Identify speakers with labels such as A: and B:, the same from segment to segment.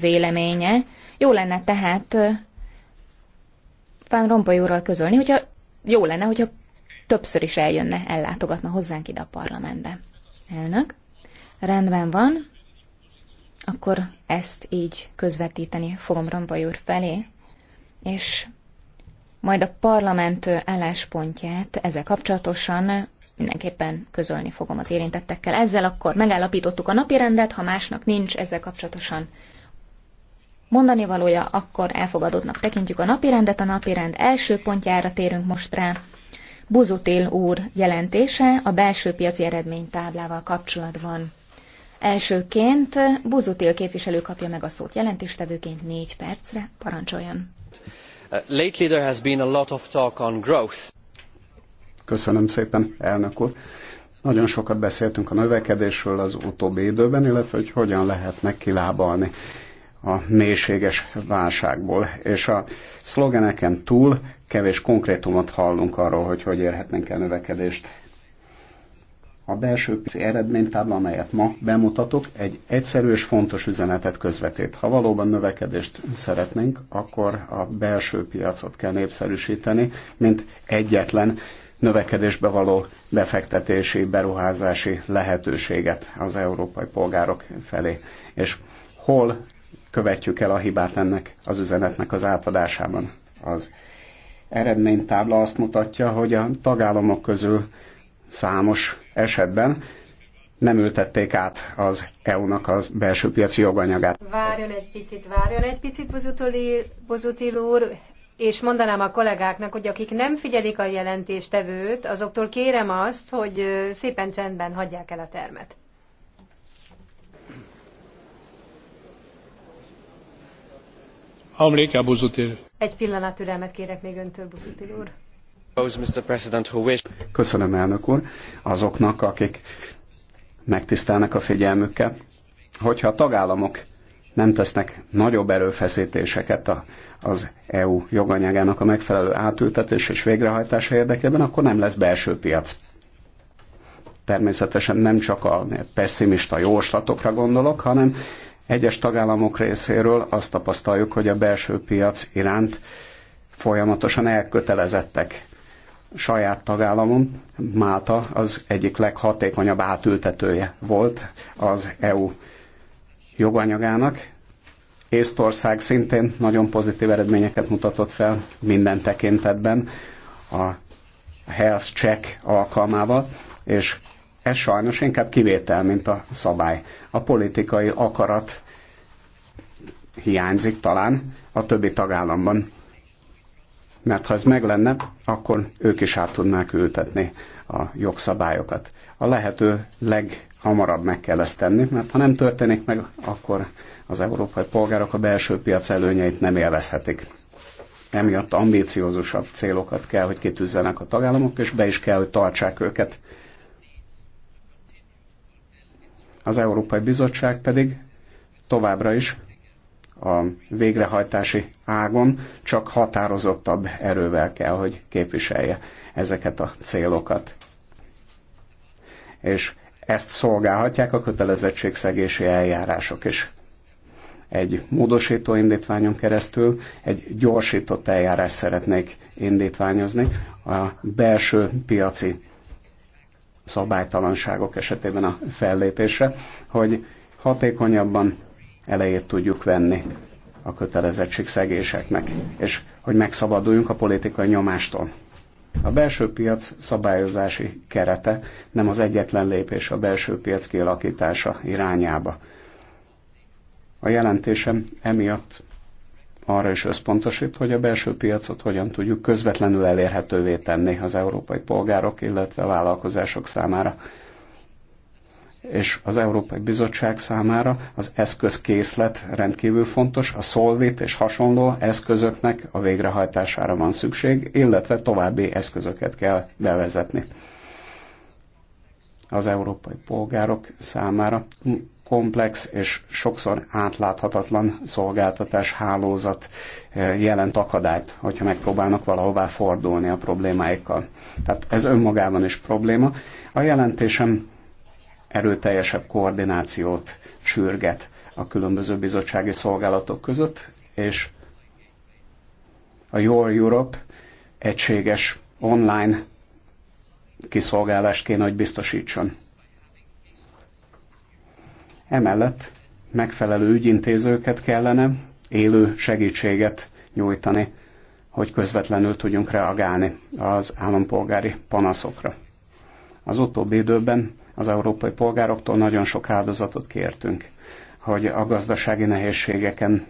A: véleménye. Jó lenne tehát Van Rompoly úrral közölni, hogyha jó lenne, hogyha többször is eljönne, ellátogatna hozzánk ide a parlamentbe. Elnök, rendben van, akkor ezt így közvetíteni fogom Rompoly úr felé, és majd a parlament álláspontját ezzel kapcsolatosan mindenképpen közölni fogom az érintettekkel. Ezzel akkor megállapítottuk a napirendet, ha másnak nincs ezzel kapcsolatosan mondani valója, akkor elfogadottnak tekintjük a napirendet. A napirend első pontjára térünk most rá. Buzutil úr jelentése a belső piaci eredménytáblával kapcsolatban. Elsőként Buzutil képviselő kapja meg a szót jelentéstevőként négy percre. Parancsoljon!
B: Uh, lately there has been a lot of talk on growth. Köszönöm szépen, elnök úr. Nagyon sokat beszéltünk a növekedésről az utóbbi időben, illetve hogy hogyan lehetne kilábalni a mélységes válságból. És a szlogeneken túl kevés konkrétumot hallunk arról, hogy hogy érhetnénk el növekedést. A belső eredménytábla, amelyet ma bemutatok, egy egyszerű és fontos üzenetet közvetít. Ha valóban növekedést szeretnénk, akkor a belső piacot kell népszerűsíteni, mint egyetlen növekedésbe való befektetési, beruházási lehetőséget az európai polgárok felé. És hol követjük el a hibát ennek az üzenetnek az átadásában? Az eredménytábla azt mutatja, hogy a tagállamok közül számos esetben nem ültették át az EU-nak az belső piaci joganyagát. Várjon
C: egy picit, várjon egy picit, Bozutil úr, és mondanám a kollégáknak, hogy akik nem figyelik a jelentéstevőt, azoktól kérem azt, hogy szépen csendben hagyják el a termet.
B: Amléká, Buzutil.
C: Egy pillanat türelmet kérek még öntől,
D: Buzutil úr.
B: Köszönöm, elnök úr, azoknak, akik megtisztelnek a figyelmükkel. Hogyha a tagállamok nem tesznek nagyobb erőfeszítéseket a, az EU joganyagának a megfelelő átültetés és végrehajtása érdekében, akkor nem lesz belső piac. Természetesen nem csak a pessimista jóslatokra gondolok, hanem egyes tagállamok részéről azt tapasztaljuk, hogy a belső piac iránt folyamatosan elkötelezettek. Saját tagállamom, Málta az egyik leghatékonyabb átültetője volt az EU joganyagának. Észtország szintén nagyon pozitív eredményeket mutatott fel minden tekintetben a health check alkalmával, és ez sajnos inkább kivétel, mint a szabály. A politikai akarat hiányzik talán a többi tagállamban mert ha ez meg lenne, akkor ők is át tudnák ültetni a jogszabályokat. A lehető leghamarabb meg kell ezt tenni, mert ha nem történik meg, akkor az európai polgárok a belső piac előnyeit nem élvezhetik. Emiatt ambíciózusabb célokat kell, hogy kitűzzenek a tagállamok, és be is kell, hogy tartsák őket. Az Európai Bizottság pedig továbbra is a végrehajtási ágon csak határozottabb erővel kell, hogy képviselje ezeket a célokat. És ezt szolgálhatják a kötelezettségszegési eljárások is. Egy módosító indítványon keresztül egy gyorsított eljárás szeretnék indítványozni a belső piaci szabálytalanságok esetében a fellépésre, hogy hatékonyabban elejét tudjuk venni a szegéseknek, és hogy megszabaduljunk a politikai nyomástól. A belső piac szabályozási kerete nem az egyetlen lépés a belső piac kialakítása irányába. A jelentésem emiatt arra is összpontosít, hogy a belső piacot hogyan tudjuk közvetlenül elérhetővé tenni az európai polgárok, illetve vállalkozások számára és az Európai Bizottság számára az eszközkészlet rendkívül fontos, a szolvét és hasonló eszközöknek a végrehajtására van szükség, illetve további eszközöket kell bevezetni. Az európai polgárok számára komplex és sokszor átláthatatlan szolgáltatás hálózat eh, jelent akadályt, hogyha megpróbálnak valahová fordulni a problémáikkal. Tehát ez önmagában is probléma. A jelentésem erőteljesebb koordinációt sürget a különböző bizottsági szolgálatok között, és a Your Europe egységes online kiszolgálást kéne, hogy biztosítson. Emellett megfelelő ügyintézőket kellene, élő segítséget nyújtani, hogy közvetlenül tudjunk reagálni az állampolgári panaszokra. Az utóbbi időben az európai polgároktól nagyon sok áldozatot kértünk, hogy a gazdasági nehézségeken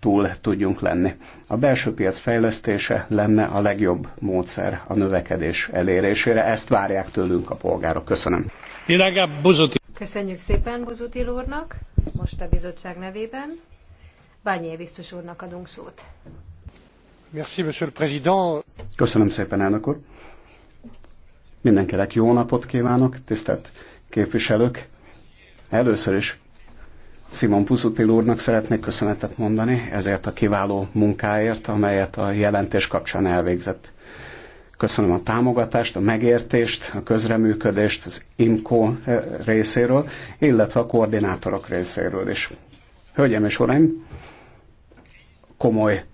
B: túl tudjunk lenni. A belső piac fejlesztése lenne a legjobb módszer a növekedés elérésére. Ezt várják tőlünk a polgárok. Köszönöm.
C: Köszönjük szépen Buzuti úrnak, most a bizottság nevében. Bányé biztos úrnak adunk szót.
B: Merci, monsieur le président. Köszönöm szépen, elnök úr. Mindenkinek jó napot kívánok, tisztelt képviselők! Először is Simon Puzutil úrnak szeretnék köszönetet mondani ezért a kiváló munkáért, amelyet a jelentés kapcsán elvégzett. Köszönöm a támogatást, a megértést, a közreműködést az IMCO eh, részéről, illetve a koordinátorok részéről is. Hölgyeim és uraim, komoly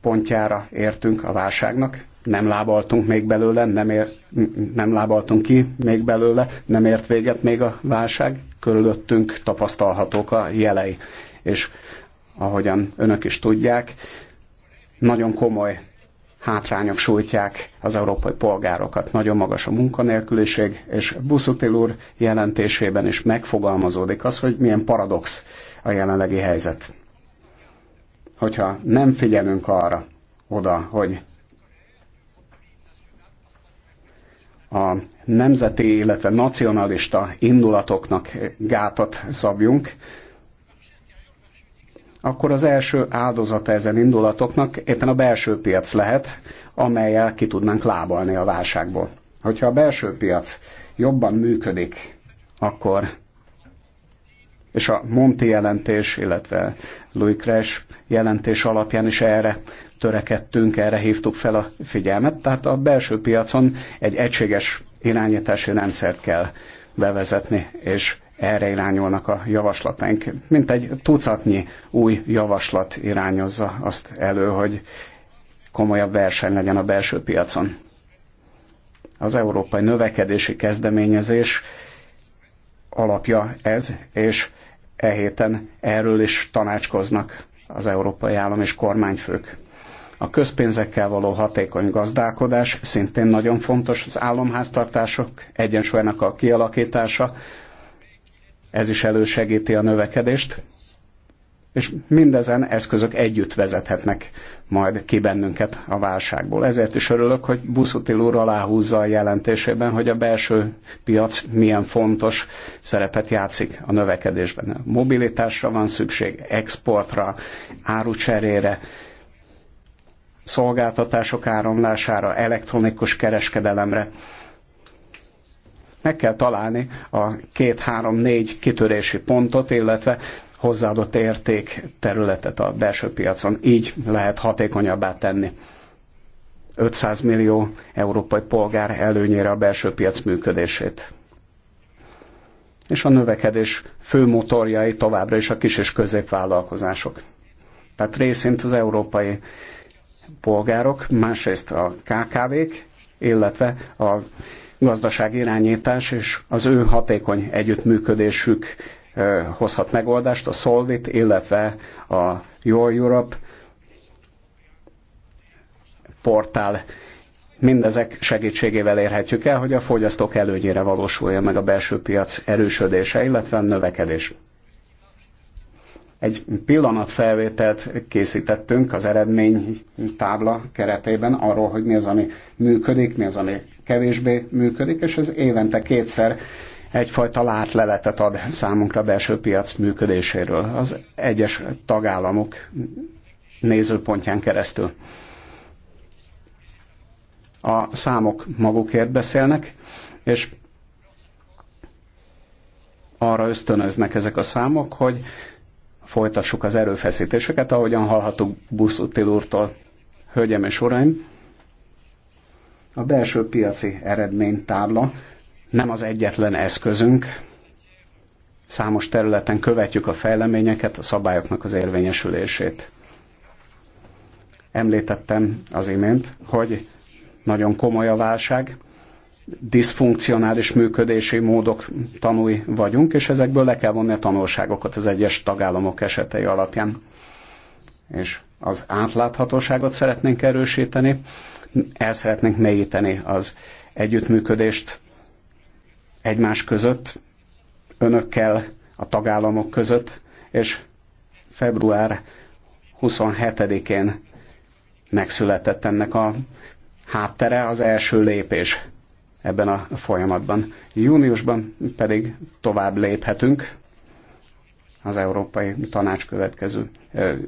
B: pontjára értünk a válságnak, nem lábaltunk még belőle, nem, ér, nem lábaltunk ki még belőle, nem ért véget még a válság, körülöttünk tapasztalhatók a jelei. És ahogyan önök is tudják, nagyon komoly hátrányok sújtják az európai polgárokat. Nagyon magas a munkanélküliség, és Buszutil úr jelentésében is megfogalmazódik az, hogy milyen paradox a jelenlegi helyzet. Hogyha nem figyelünk arra oda, hogy a nemzeti, illetve nacionalista indulatoknak gátat szabjunk, akkor az első áldozata ezen indulatoknak éppen a belső piac lehet, amelyel ki tudnánk lábalni a válságból. Hogyha a belső piac jobban működik, akkor és a Monti jelentés, illetve Louis Crash jelentés alapján is erre törekedtünk, erre hívtuk fel a figyelmet, tehát a belső piacon egy egységes irányítási rendszert kell bevezetni, és erre irányulnak a javaslataink. Mint egy tucatnyi új javaslat irányozza azt elő, hogy komolyabb verseny legyen a belső piacon. Az európai növekedési kezdeményezés alapja ez, és e héten erről is tanácskoznak az európai állam és kormányfők. A közpénzekkel való hatékony gazdálkodás szintén nagyon fontos, az államháztartások egyensúlyának a kialakítása, ez is elősegíti a növekedést, és mindezen eszközök együtt vezethetnek majd ki bennünket a válságból. Ezért is örülök, hogy Buszutil úr aláhúzza a jelentésében, hogy a belső piac milyen fontos szerepet játszik a növekedésben. Mobilitásra van szükség, exportra, árucserére, szolgáltatások áramlására, elektronikus kereskedelemre. Meg kell találni a két, három, négy kitörési pontot, illetve hozzáadott érték területet a belső piacon. Így lehet hatékonyabbá tenni. 500 millió európai polgár előnyére a belső piac működését. És a növekedés fő motorjai továbbra is a kis és középvállalkozások. Tehát részint az európai polgárok, másrészt a KKV-k, illetve a gazdaság irányítás és az ő hatékony együttműködésük hozhat megoldást, a Solvit, illetve a Your Europe portál. Mindezek segítségével érhetjük el, hogy a fogyasztók előnyére valósulja meg a belső piac erősödése, illetve a növekedés. Egy pillanatfelvételt készítettünk az eredmény tábla keretében arról, hogy mi az, ami működik, mi az, ami kevésbé működik, és ez évente kétszer egyfajta látleletet ad számunkra a belső piac működéséről az egyes tagállamok nézőpontján keresztül. A számok magukért beszélnek, és arra ösztönöznek ezek a számok, hogy folytassuk az erőfeszítéseket, ahogyan hallhattuk Buszutil úrtól. Hölgyeim és uraim, a belső piaci eredménytábla nem az egyetlen eszközünk. Számos területen követjük a fejleményeket, a szabályoknak az érvényesülését. Említettem az imént, hogy nagyon komoly a válság, diszfunkcionális működési módok tanúi vagyunk, és ezekből le kell vonni a tanulságokat az egyes tagállamok esetei alapján. És az átláthatóságot szeretnénk erősíteni, el szeretnénk mélyíteni az együttműködést egymás között, önökkel, a tagállamok között, és február 27-én megszületett ennek a háttere, az első lépés ebben a folyamatban. Júniusban pedig tovább léphetünk az Európai Tanács következő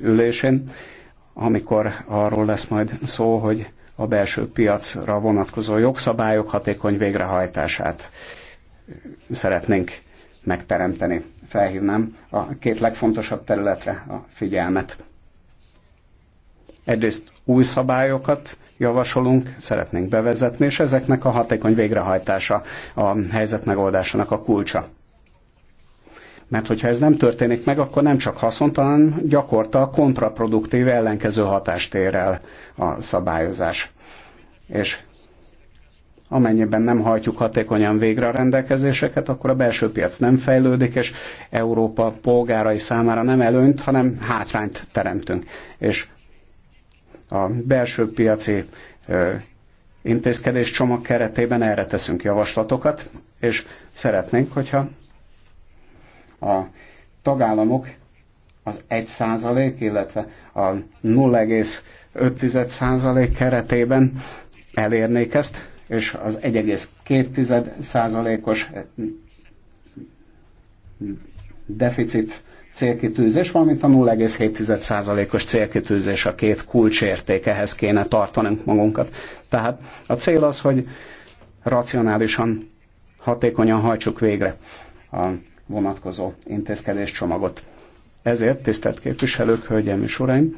B: ülésén, amikor arról lesz majd szó, hogy a belső piacra vonatkozó jogszabályok hatékony végrehajtását szeretnénk megteremteni. Felhívnám a két legfontosabb területre a figyelmet. Egyrészt új szabályokat javasolunk, szeretnénk bevezetni, és ezeknek a hatékony végrehajtása a helyzet megoldásának a kulcsa. Mert hogyha ez nem történik meg, akkor nem csak haszontalan, gyakorta kontraproduktív ellenkező hatást ér el a szabályozás. És amennyiben nem hajtjuk hatékonyan végre a rendelkezéseket, akkor a belső piac nem fejlődik, és Európa polgárai számára nem előnyt, hanem hátrányt teremtünk. És a belső piaci intézkedés csomag keretében erre teszünk javaslatokat, és szeretnénk, hogyha a tagállamok az 1 százalék, illetve a 0,5 százalék keretében elérnék ezt, és az 1,2 százalékos deficit célkitűzés, valamint a 0,7%-os célkitűzés a két kulcsértékehez kéne tartanunk magunkat. Tehát a cél az, hogy racionálisan, hatékonyan hajtsuk végre a vonatkozó intézkedés csomagot. Ezért, tisztelt képviselők, hölgyeim és uraim,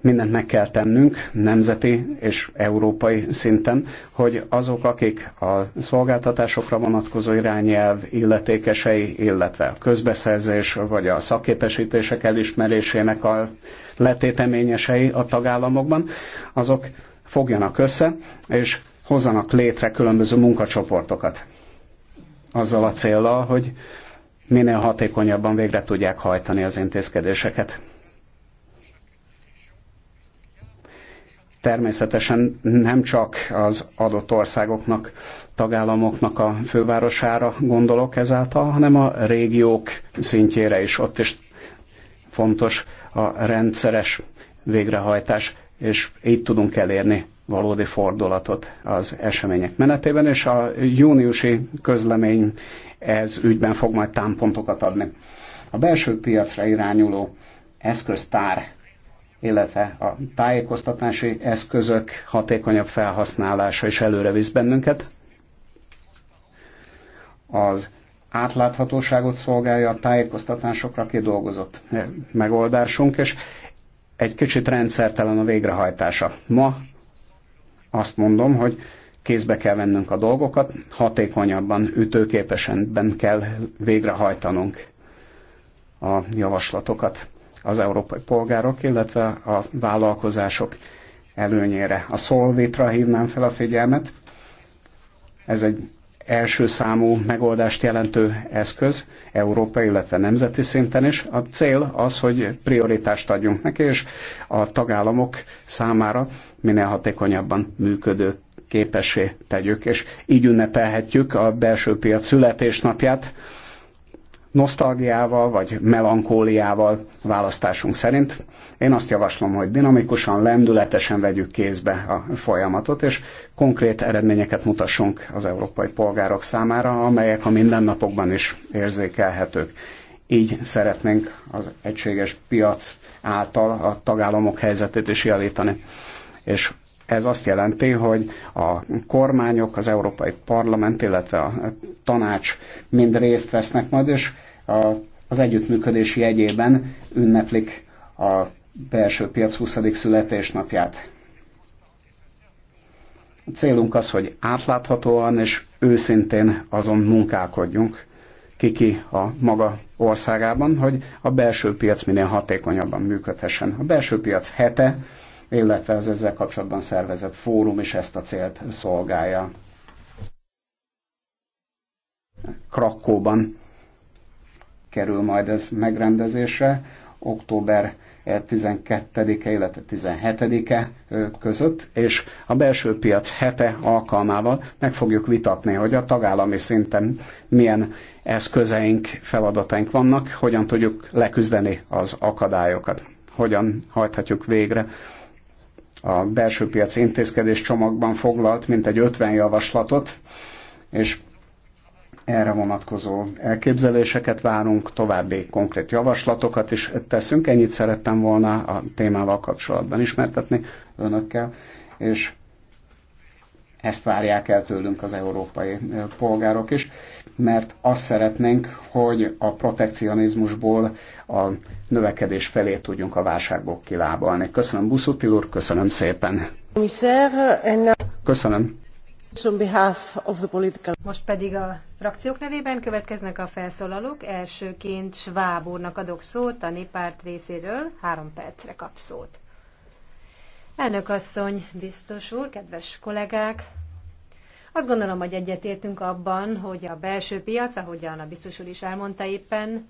B: mindent meg kell tennünk nemzeti és európai szinten, hogy azok, akik a szolgáltatásokra vonatkozó irányelv illetékesei, illetve a közbeszerzés vagy a szakképesítések elismerésének a letéteményesei a tagállamokban, azok fogjanak össze, és hozzanak létre különböző munkacsoportokat. Azzal a célral, hogy minél hatékonyabban végre tudják hajtani az intézkedéseket természetesen nem csak az adott országoknak, tagállamoknak a fővárosára gondolok ezáltal, hanem a régiók szintjére is. Ott is fontos a rendszeres végrehajtás, és így tudunk elérni valódi fordulatot az események menetében, és a júniusi közlemény ez ügyben fog majd támpontokat adni. A belső piacra irányuló eszköztár illetve a tájékoztatási eszközök hatékonyabb felhasználása is előre visz bennünket. Az átláthatóságot szolgálja a tájékoztatásokra kidolgozott eh, megoldásunk, és egy kicsit rendszertelen a végrehajtása. Ma azt mondom, hogy kézbe kell vennünk a dolgokat, hatékonyabban, ütőképesen kell végrehajtanunk a javaslatokat az európai polgárok, illetve a vállalkozások előnyére. A Solvitra hívnám fel a figyelmet. Ez egy első számú megoldást jelentő eszköz, európai, illetve nemzeti szinten is. A cél az, hogy prioritást adjunk neki, és a tagállamok számára minél hatékonyabban működő képessé tegyük, és így ünnepelhetjük a belső piac születésnapját, nosztalgiával vagy melankóliával választásunk szerint. Én azt javaslom, hogy dinamikusan, lendületesen vegyük kézbe a folyamatot, és konkrét eredményeket mutassunk az európai polgárok számára, amelyek a mindennapokban is érzékelhetők. Így szeretnénk az egységes piac által a tagállamok helyzetét is javítani. És ez azt jelenti, hogy a kormányok, az Európai Parlament, illetve a tanács mind részt vesznek majd, és a, az együttműködés jegyében ünneplik a belső piac 20. születésnapját. A célunk az, hogy átláthatóan és őszintén azon munkálkodjunk, kiki a maga országában, hogy a belső piac minél hatékonyabban működhessen. A belső piac hete illetve az ezzel kapcsolatban szervezett fórum is ezt a célt szolgálja. Krakóban kerül majd ez megrendezésre, október 12-e, eh, illetve 17-e eh, között, és a belső piac hete alkalmával meg fogjuk vitatni, hogy a tagállami szinten milyen eszközeink, feladataink vannak, hogyan tudjuk leküzdeni az akadályokat, hogyan hajthatjuk végre a belső piac intézkedés csomagban foglalt mintegy 50 javaslatot, és erre vonatkozó elképzeléseket várunk, további konkrét javaslatokat is teszünk. Ennyit szerettem volna a témával kapcsolatban ismertetni önökkel, és ezt várják el tőlünk az európai polgárok is mert azt szeretnénk, hogy a protekcionizmusból a növekedés felé tudjunk a válságból kilábalni. Köszönöm Buszutil úr, köszönöm szépen. Köszönöm.
C: Most pedig a frakciók nevében következnek a felszólalók. Elsőként Schwab úrnak adok szót, a néppárt részéről három percre kap szót. Elnök asszony, biztos úr, kedves kollégák, azt gondolom, hogy egyetértünk abban, hogy a belső piac, ahogyan a biztos úr is elmondta éppen,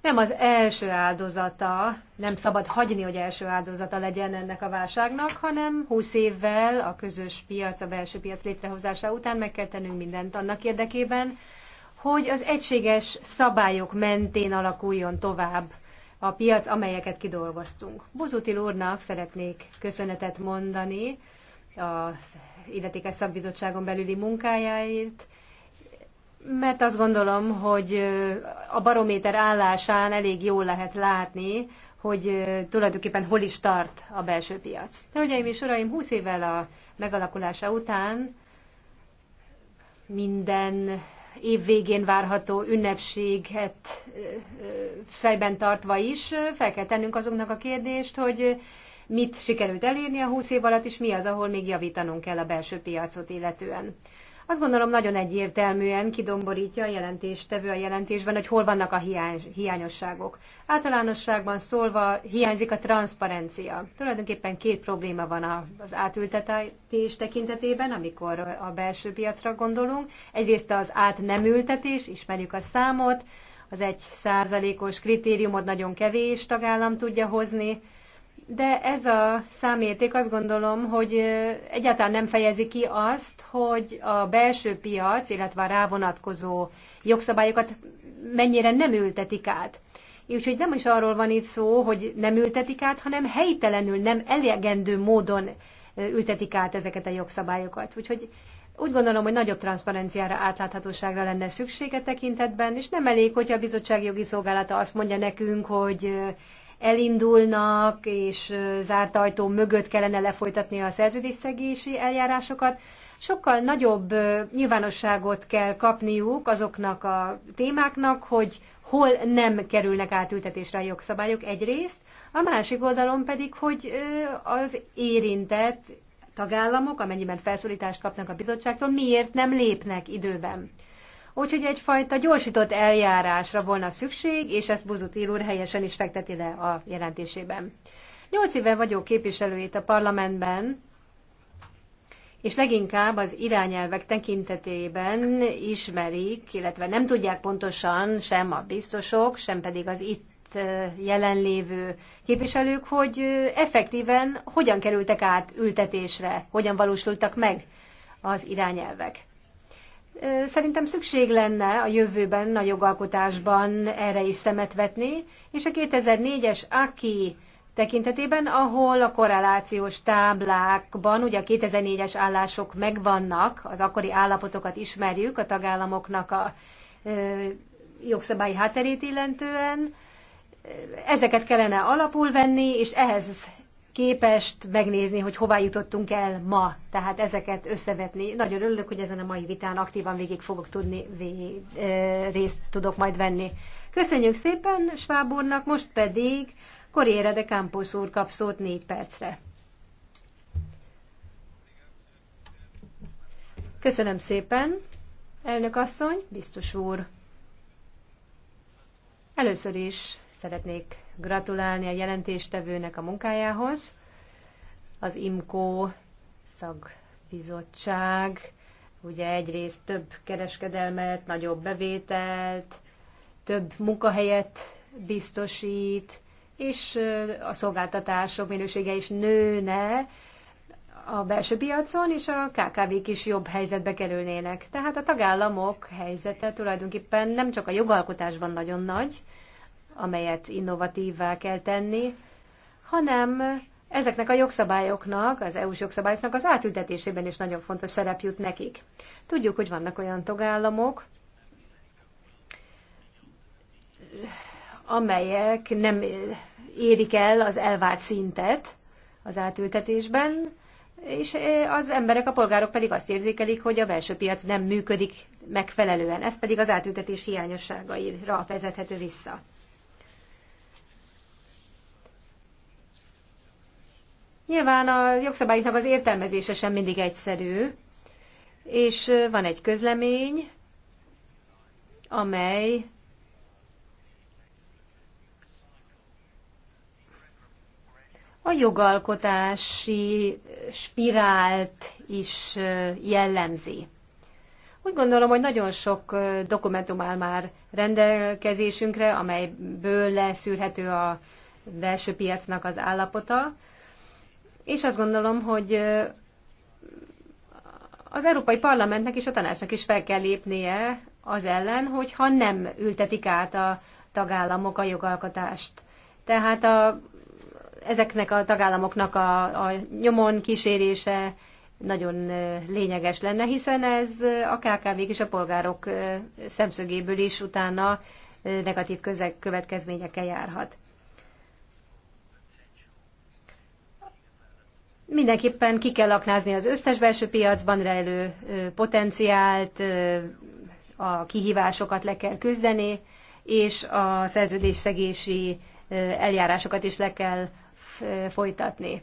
C: nem az első áldozata, nem szabad hagyni, hogy első áldozata legyen ennek a válságnak, hanem 20 évvel a közös piac, a belső piac létrehozása után meg kell tennünk mindent annak érdekében, hogy az egységes szabályok mentén alakuljon tovább a piac, amelyeket kidolgoztunk. Buzutil úrnak szeretnék köszönetet mondani a illetékes szakbizottságon belüli munkájáért, mert azt gondolom, hogy a barométer állásán elég jól lehet látni, hogy tulajdonképpen hol is tart a belső piac. Hölgyeim és uraim, 20 évvel a megalakulása után minden év végén várható ünnepséget fejben tartva is fel kell tennünk azoknak a kérdést, hogy mit sikerült elérni a 20 év alatt, és mi az, ahol még javítanunk kell a belső piacot illetően. Azt gondolom nagyon egyértelműen kidomborítja a jelentéstevő a jelentésben, hogy hol vannak a hiány, hiányosságok. Általánosságban szólva hiányzik a transzparencia. Tulajdonképpen két probléma van az átültetés tekintetében, amikor a belső piacra gondolunk. Egyrészt az át nem ültetés, ismerjük a számot, az egy százalékos kritériumot nagyon kevés tagállam tudja hozni, de ez a számérték azt gondolom, hogy egyáltalán nem fejezi ki azt, hogy a belső piac, illetve a rávonatkozó jogszabályokat mennyire nem ültetik át. Úgyhogy nem is arról van itt szó, hogy nem ültetik át, hanem helytelenül, nem elegendő módon ültetik át ezeket a jogszabályokat. Úgyhogy úgy gondolom, hogy nagyobb transzparenciára, átláthatóságra lenne szüksége tekintetben, és nem elég, hogyha a bizottság jogi szolgálata azt mondja nekünk, hogy elindulnak, és zárt ajtó mögött kellene lefolytatni a szerződésszegési eljárásokat. Sokkal nagyobb nyilvánosságot kell kapniuk azoknak a témáknak, hogy hol nem kerülnek átültetésre a jogszabályok egyrészt, a másik oldalon pedig, hogy az érintett tagállamok, amennyiben felszólítást kapnak a bizottságtól, miért nem lépnek időben. Úgyhogy egyfajta gyorsított eljárásra volna szükség, és ezt Buzutil úr helyesen is fekteti le a jelentésében. Nyolc éve vagyok képviselő itt a parlamentben, és leginkább az irányelvek tekintetében ismerik, illetve nem tudják pontosan sem a biztosok, sem pedig az itt jelenlévő képviselők, hogy effektíven hogyan kerültek át ültetésre, hogyan valósultak meg az irányelvek. Szerintem szükség lenne a jövőben, a jogalkotásban erre is szemet vetni, és a 2004-es AKI tekintetében, ahol a korrelációs táblákban, ugye a 2004-es állások megvannak, az akkori állapotokat ismerjük a tagállamoknak a jogszabályi hátterét illetően, ezeket kellene alapul venni, és ehhez képest megnézni, hogy hová jutottunk el ma. Tehát ezeket összevetni. Nagyon örülök, hogy ezen a mai vitán aktívan végig fogok tudni, végig, részt tudok majd venni. Köszönjük szépen Svábornak, most pedig Corriere de Campos úr kap szót négy percre. Köszönöm szépen, elnök asszony, biztos úr. Először is szeretnék gratulálni a jelentéstevőnek a munkájához. Az IMCO szakbizottság ugye egyrészt több kereskedelmet, nagyobb bevételt, több munkahelyet biztosít, és a szolgáltatások minősége is nőne a belső piacon, és a KKV-k is jobb helyzetbe kerülnének. Tehát a tagállamok helyzete tulajdonképpen nem csak a jogalkotásban nagyon nagy, amelyet innovatívvá kell tenni, hanem ezeknek a jogszabályoknak, az EU-s jogszabályoknak az átültetésében is nagyon fontos szerep jut nekik. Tudjuk, hogy vannak olyan tagállamok, amelyek nem érik el az elvárt szintet az átültetésben, és az emberek, a polgárok pedig azt érzékelik, hogy a belső piac nem működik megfelelően. Ez pedig az átültetés hiányosságaira vezethető vissza. Nyilván a jogszabályoknak az értelmezése sem mindig egyszerű, és van egy közlemény, amely a jogalkotási spirált is jellemzi. Úgy gondolom, hogy nagyon sok dokumentum áll már rendelkezésünkre, amelyből leszűrhető a belső piacnak az állapota, és azt gondolom, hogy az Európai Parlamentnek és a tanácsnak is fel kell lépnie az ellen, hogyha nem ültetik át a tagállamok a jogalkotást. Tehát a, ezeknek a tagállamoknak a, a nyomon kísérése nagyon lényeges lenne, hiszen ez a kkv és a polgárok szemszögéből is utána negatív közeg következményekkel járhat. Mindenképpen ki kell aknázni az összes belső piacban rejlő potenciált, a kihívásokat le kell küzdeni, és a szerződésszegési eljárásokat is le kell folytatni.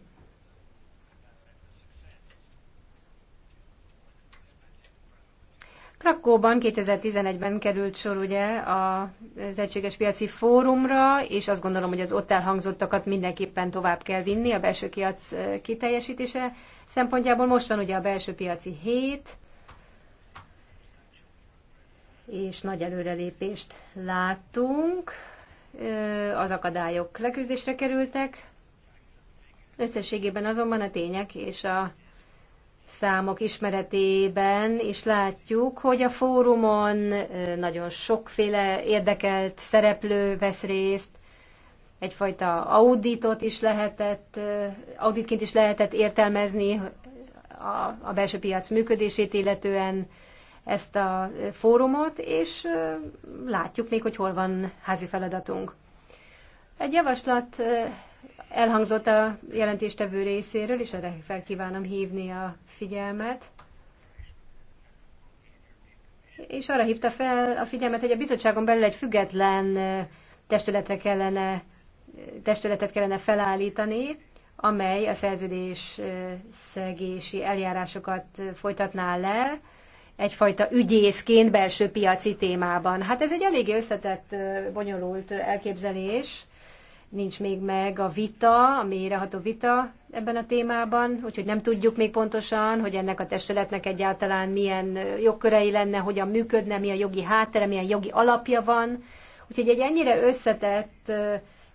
C: Krakóban 2011-ben került sor ugye az Egységes Piaci Fórumra, és azt gondolom, hogy az ott elhangzottakat mindenképpen tovább kell vinni a belső piac kiteljesítése szempontjából. Most van ugye a belső piaci hét, és nagy előrelépést láttunk. Az akadályok leküzdésre kerültek. Összességében azonban a tények és a számok ismeretében is látjuk, hogy a fórumon nagyon sokféle érdekelt szereplő vesz részt, egyfajta auditot is lehetett, auditként is lehetett értelmezni a, a belső piac működését illetően ezt a fórumot, és látjuk még, hogy hol van házi feladatunk. Egy javaslat Elhangzott a jelentéstevő részéről, és erre felkívánom hívni a figyelmet. És arra hívta fel a figyelmet, hogy a bizottságon belül egy független testületre kellene, testületet kellene felállítani, amely a szerződés szegési eljárásokat folytatná le, egyfajta ügyészként belső piaci témában. Hát ez egy eléggé összetett, bonyolult elképzelés, nincs még meg a vita, a mélyreható vita ebben a témában, úgyhogy nem tudjuk még pontosan, hogy ennek a testületnek egyáltalán milyen jogkörei lenne, hogyan működne, milyen jogi háttere, milyen jogi alapja van. Úgyhogy egy ennyire összetett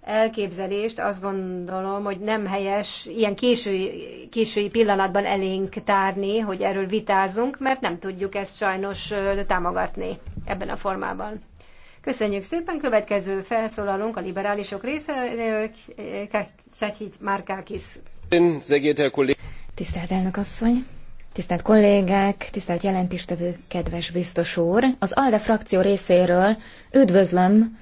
C: elképzelést azt gondolom, hogy nem helyes ilyen késői, késői pillanatban elénk tárni, hogy erről vitázunk, mert nem tudjuk ezt sajnos támogatni ebben a formában. Köszönjük szépen. Következő felszólalunk a liberálisok részéről, Szehit Márkákis.
A: Tisztelt elnök asszony, tisztelt kollégák, tisztelt jelentéstevő, kedves biztos úr! Az ALDE frakció részéről üdvözlöm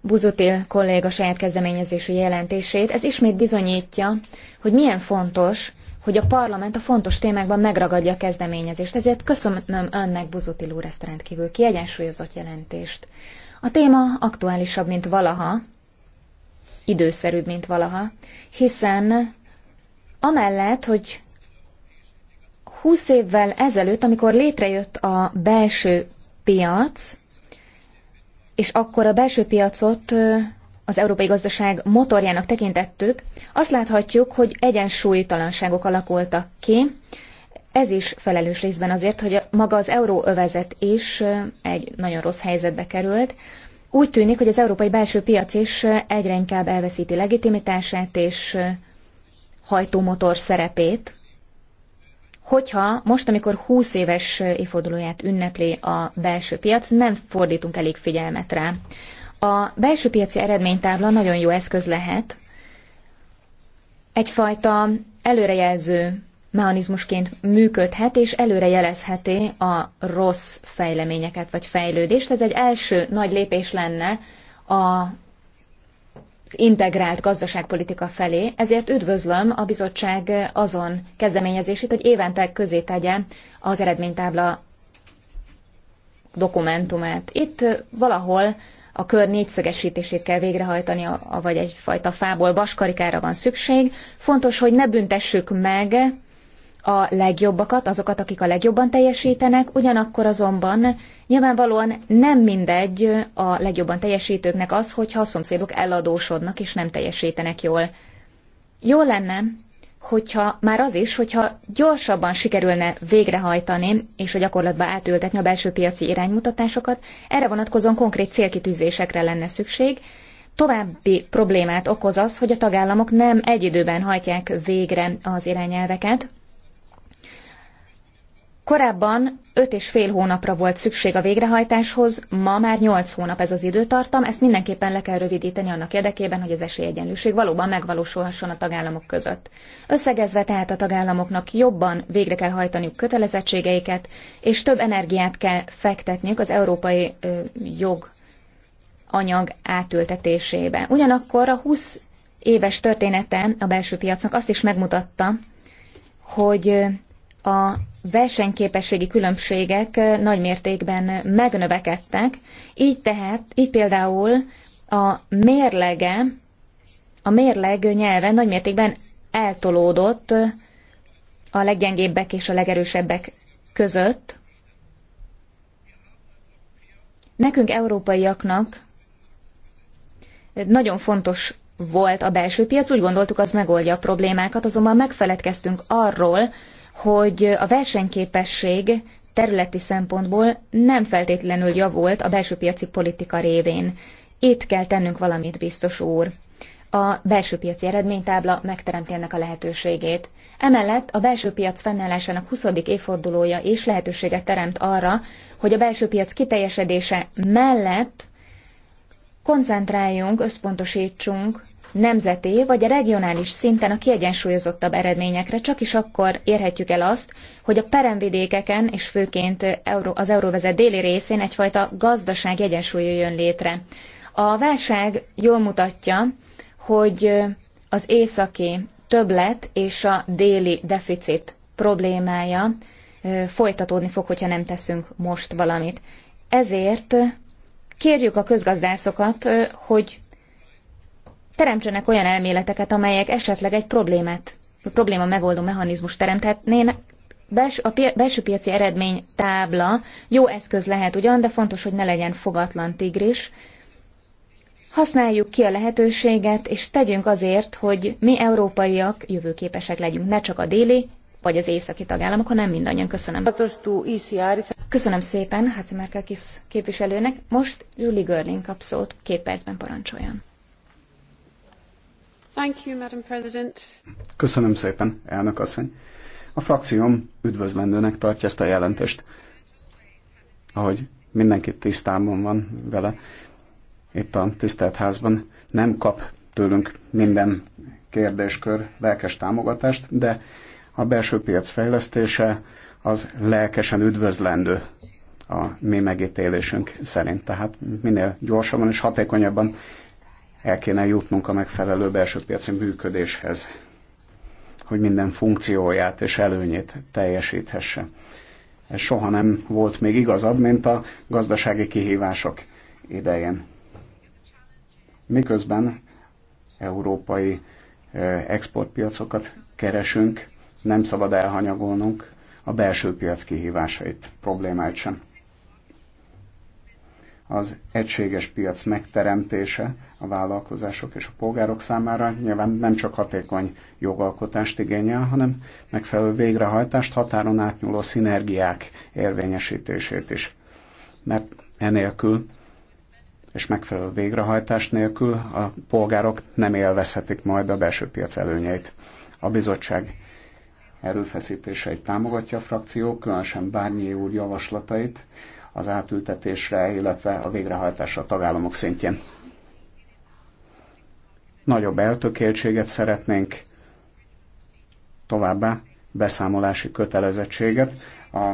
A: Buzutil kolléga saját kezdeményezésű jelentését. Ez ismét bizonyítja, hogy milyen fontos, hogy a parlament a fontos témákban megragadja a kezdeményezést. Ezért köszönöm önnek, Buzutil úr, ezt rendkívül kiegyensúlyozott jelentést. A téma aktuálisabb, mint valaha, időszerűbb, mint valaha, hiszen amellett, hogy 20 évvel ezelőtt, amikor létrejött a belső piac, és akkor a belső piacot az európai gazdaság motorjának tekintettük, azt láthatjuk, hogy egyensúlytalanságok alakultak ki, ez is felelős részben azért, hogy maga az euróövezet is egy nagyon rossz helyzetbe került. Úgy tűnik, hogy az európai belső piac is egyre inkább elveszíti legitimitását és hajtómotor szerepét. Hogyha most, amikor 20 éves évfordulóját ünnepli a belső piac, nem fordítunk elég figyelmet rá. A belső piaci eredménytábla nagyon jó eszköz lehet, egyfajta előrejelző mechanizmusként működhet, és előre jelezheti a rossz fejleményeket vagy fejlődést. Ez egy első nagy lépés lenne a az integrált gazdaságpolitika felé, ezért üdvözlöm a bizottság azon kezdeményezését, hogy évente közé tegye az eredménytábla dokumentumát. Itt valahol a kör négyszögesítését kell végrehajtani, vagy egyfajta fából vaskarikára van szükség. Fontos, hogy ne büntessük meg a legjobbakat, azokat, akik a legjobban teljesítenek, ugyanakkor azonban nyilvánvalóan nem mindegy a legjobban teljesítőknek az, hogyha a szomszédok eladósodnak és nem teljesítenek jól. Jó lenne, hogyha már az is, hogyha gyorsabban sikerülne végrehajtani és a gyakorlatba átültetni a belső piaci iránymutatásokat, erre vonatkozóan konkrét célkitűzésekre lenne szükség. További problémát okoz az, hogy a tagállamok nem egy időben hajtják végre az irányelveket, Korábban 5 és fél hónapra volt szükség a végrehajtáshoz, ma már 8 hónap ez az időtartam, ezt mindenképpen le kell rövidíteni annak érdekében, hogy az esélyegyenlőség valóban megvalósulhasson a tagállamok között. Összegezve tehát a tagállamoknak jobban végre kell hajtaniuk kötelezettségeiket, és több energiát kell fektetniük az európai ö, jog anyag átültetésébe. Ugyanakkor a 20 éves története a belső piacnak azt is megmutatta, hogy a versenyképességi különbségek nagy mértékben megnövekedtek, így tehát, így például a mérlege, a mérleg nyelve nagy mértékben eltolódott a leggyengébbek és a legerősebbek között. Nekünk, európaiaknak nagyon fontos volt a belső piac, úgy gondoltuk, az megoldja a problémákat, azonban megfeledkeztünk arról, hogy a versenyképesség területi szempontból nem feltétlenül javult a belső piaci politika révén. Itt kell tennünk valamit, biztos úr. A belső piaci eredménytábla megteremti ennek a lehetőségét. Emellett a belső piac fennállásának 20. évfordulója is lehetőséget teremt arra, hogy a belső piac kiteljesedése mellett koncentráljunk, összpontosítsunk nemzeti vagy a regionális szinten a kiegyensúlyozottabb eredményekre, csak is akkor érhetjük el azt, hogy a peremvidékeken és főként az euróvezet déli részén egyfajta gazdaság egyensúly jön létre. A válság jól mutatja, hogy az északi többlet és a déli deficit problémája folytatódni fog, hogyha nem teszünk most valamit. Ezért kérjük a közgazdászokat, hogy teremtsenek olyan elméleteket, amelyek esetleg egy problémát, a probléma megoldó mechanizmus teremthetnének, a belső piaci eredmény tábla jó eszköz lehet ugyan, de fontos, hogy ne legyen fogatlan tigris. Használjuk ki a lehetőséget, és tegyünk azért, hogy mi európaiak jövőképesek legyünk, ne csak a déli vagy az északi tagállamok, hanem mindannyian. Köszönöm. Köszönöm szépen Hacimerkakis képviselőnek. Most Julie Görling kap szót, két percben parancsoljon.
B: Thank you, Madam President. Köszönöm szépen, elnök asszony. A frakcióm üdvözlendőnek tartja ezt a jelentést. Ahogy mindenki tisztában van vele, itt a tisztelt házban nem kap tőlünk minden kérdéskör lelkes támogatást, de a belső piac fejlesztése az lelkesen üdvözlendő a mi megítélésünk szerint. Tehát minél gyorsabban és hatékonyabban el kéne jutnunk a megfelelő belső piaci működéshez, hogy minden funkcióját és előnyét teljesíthesse. Ez soha nem volt még igazabb, mint a gazdasági kihívások idején. Miközben európai exportpiacokat keresünk, nem szabad elhanyagolnunk a belső piac kihívásait, problémáit sem az egységes piac megteremtése a vállalkozások és a polgárok számára nyilván nem csak hatékony jogalkotást igényel, hanem megfelelő végrehajtást, határon átnyúló szinergiák érvényesítését is. Mert enélkül és megfelelő végrehajtás nélkül a polgárok nem élvezhetik majd a belső piac előnyeit. A bizottság erőfeszítéseit támogatja a frakció, különösen Bárnyi úr javaslatait, az átültetésre, illetve a végrehajtásra a tagállamok szintjén. Nagyobb eltökéltséget szeretnénk, továbbá beszámolási kötelezettséget a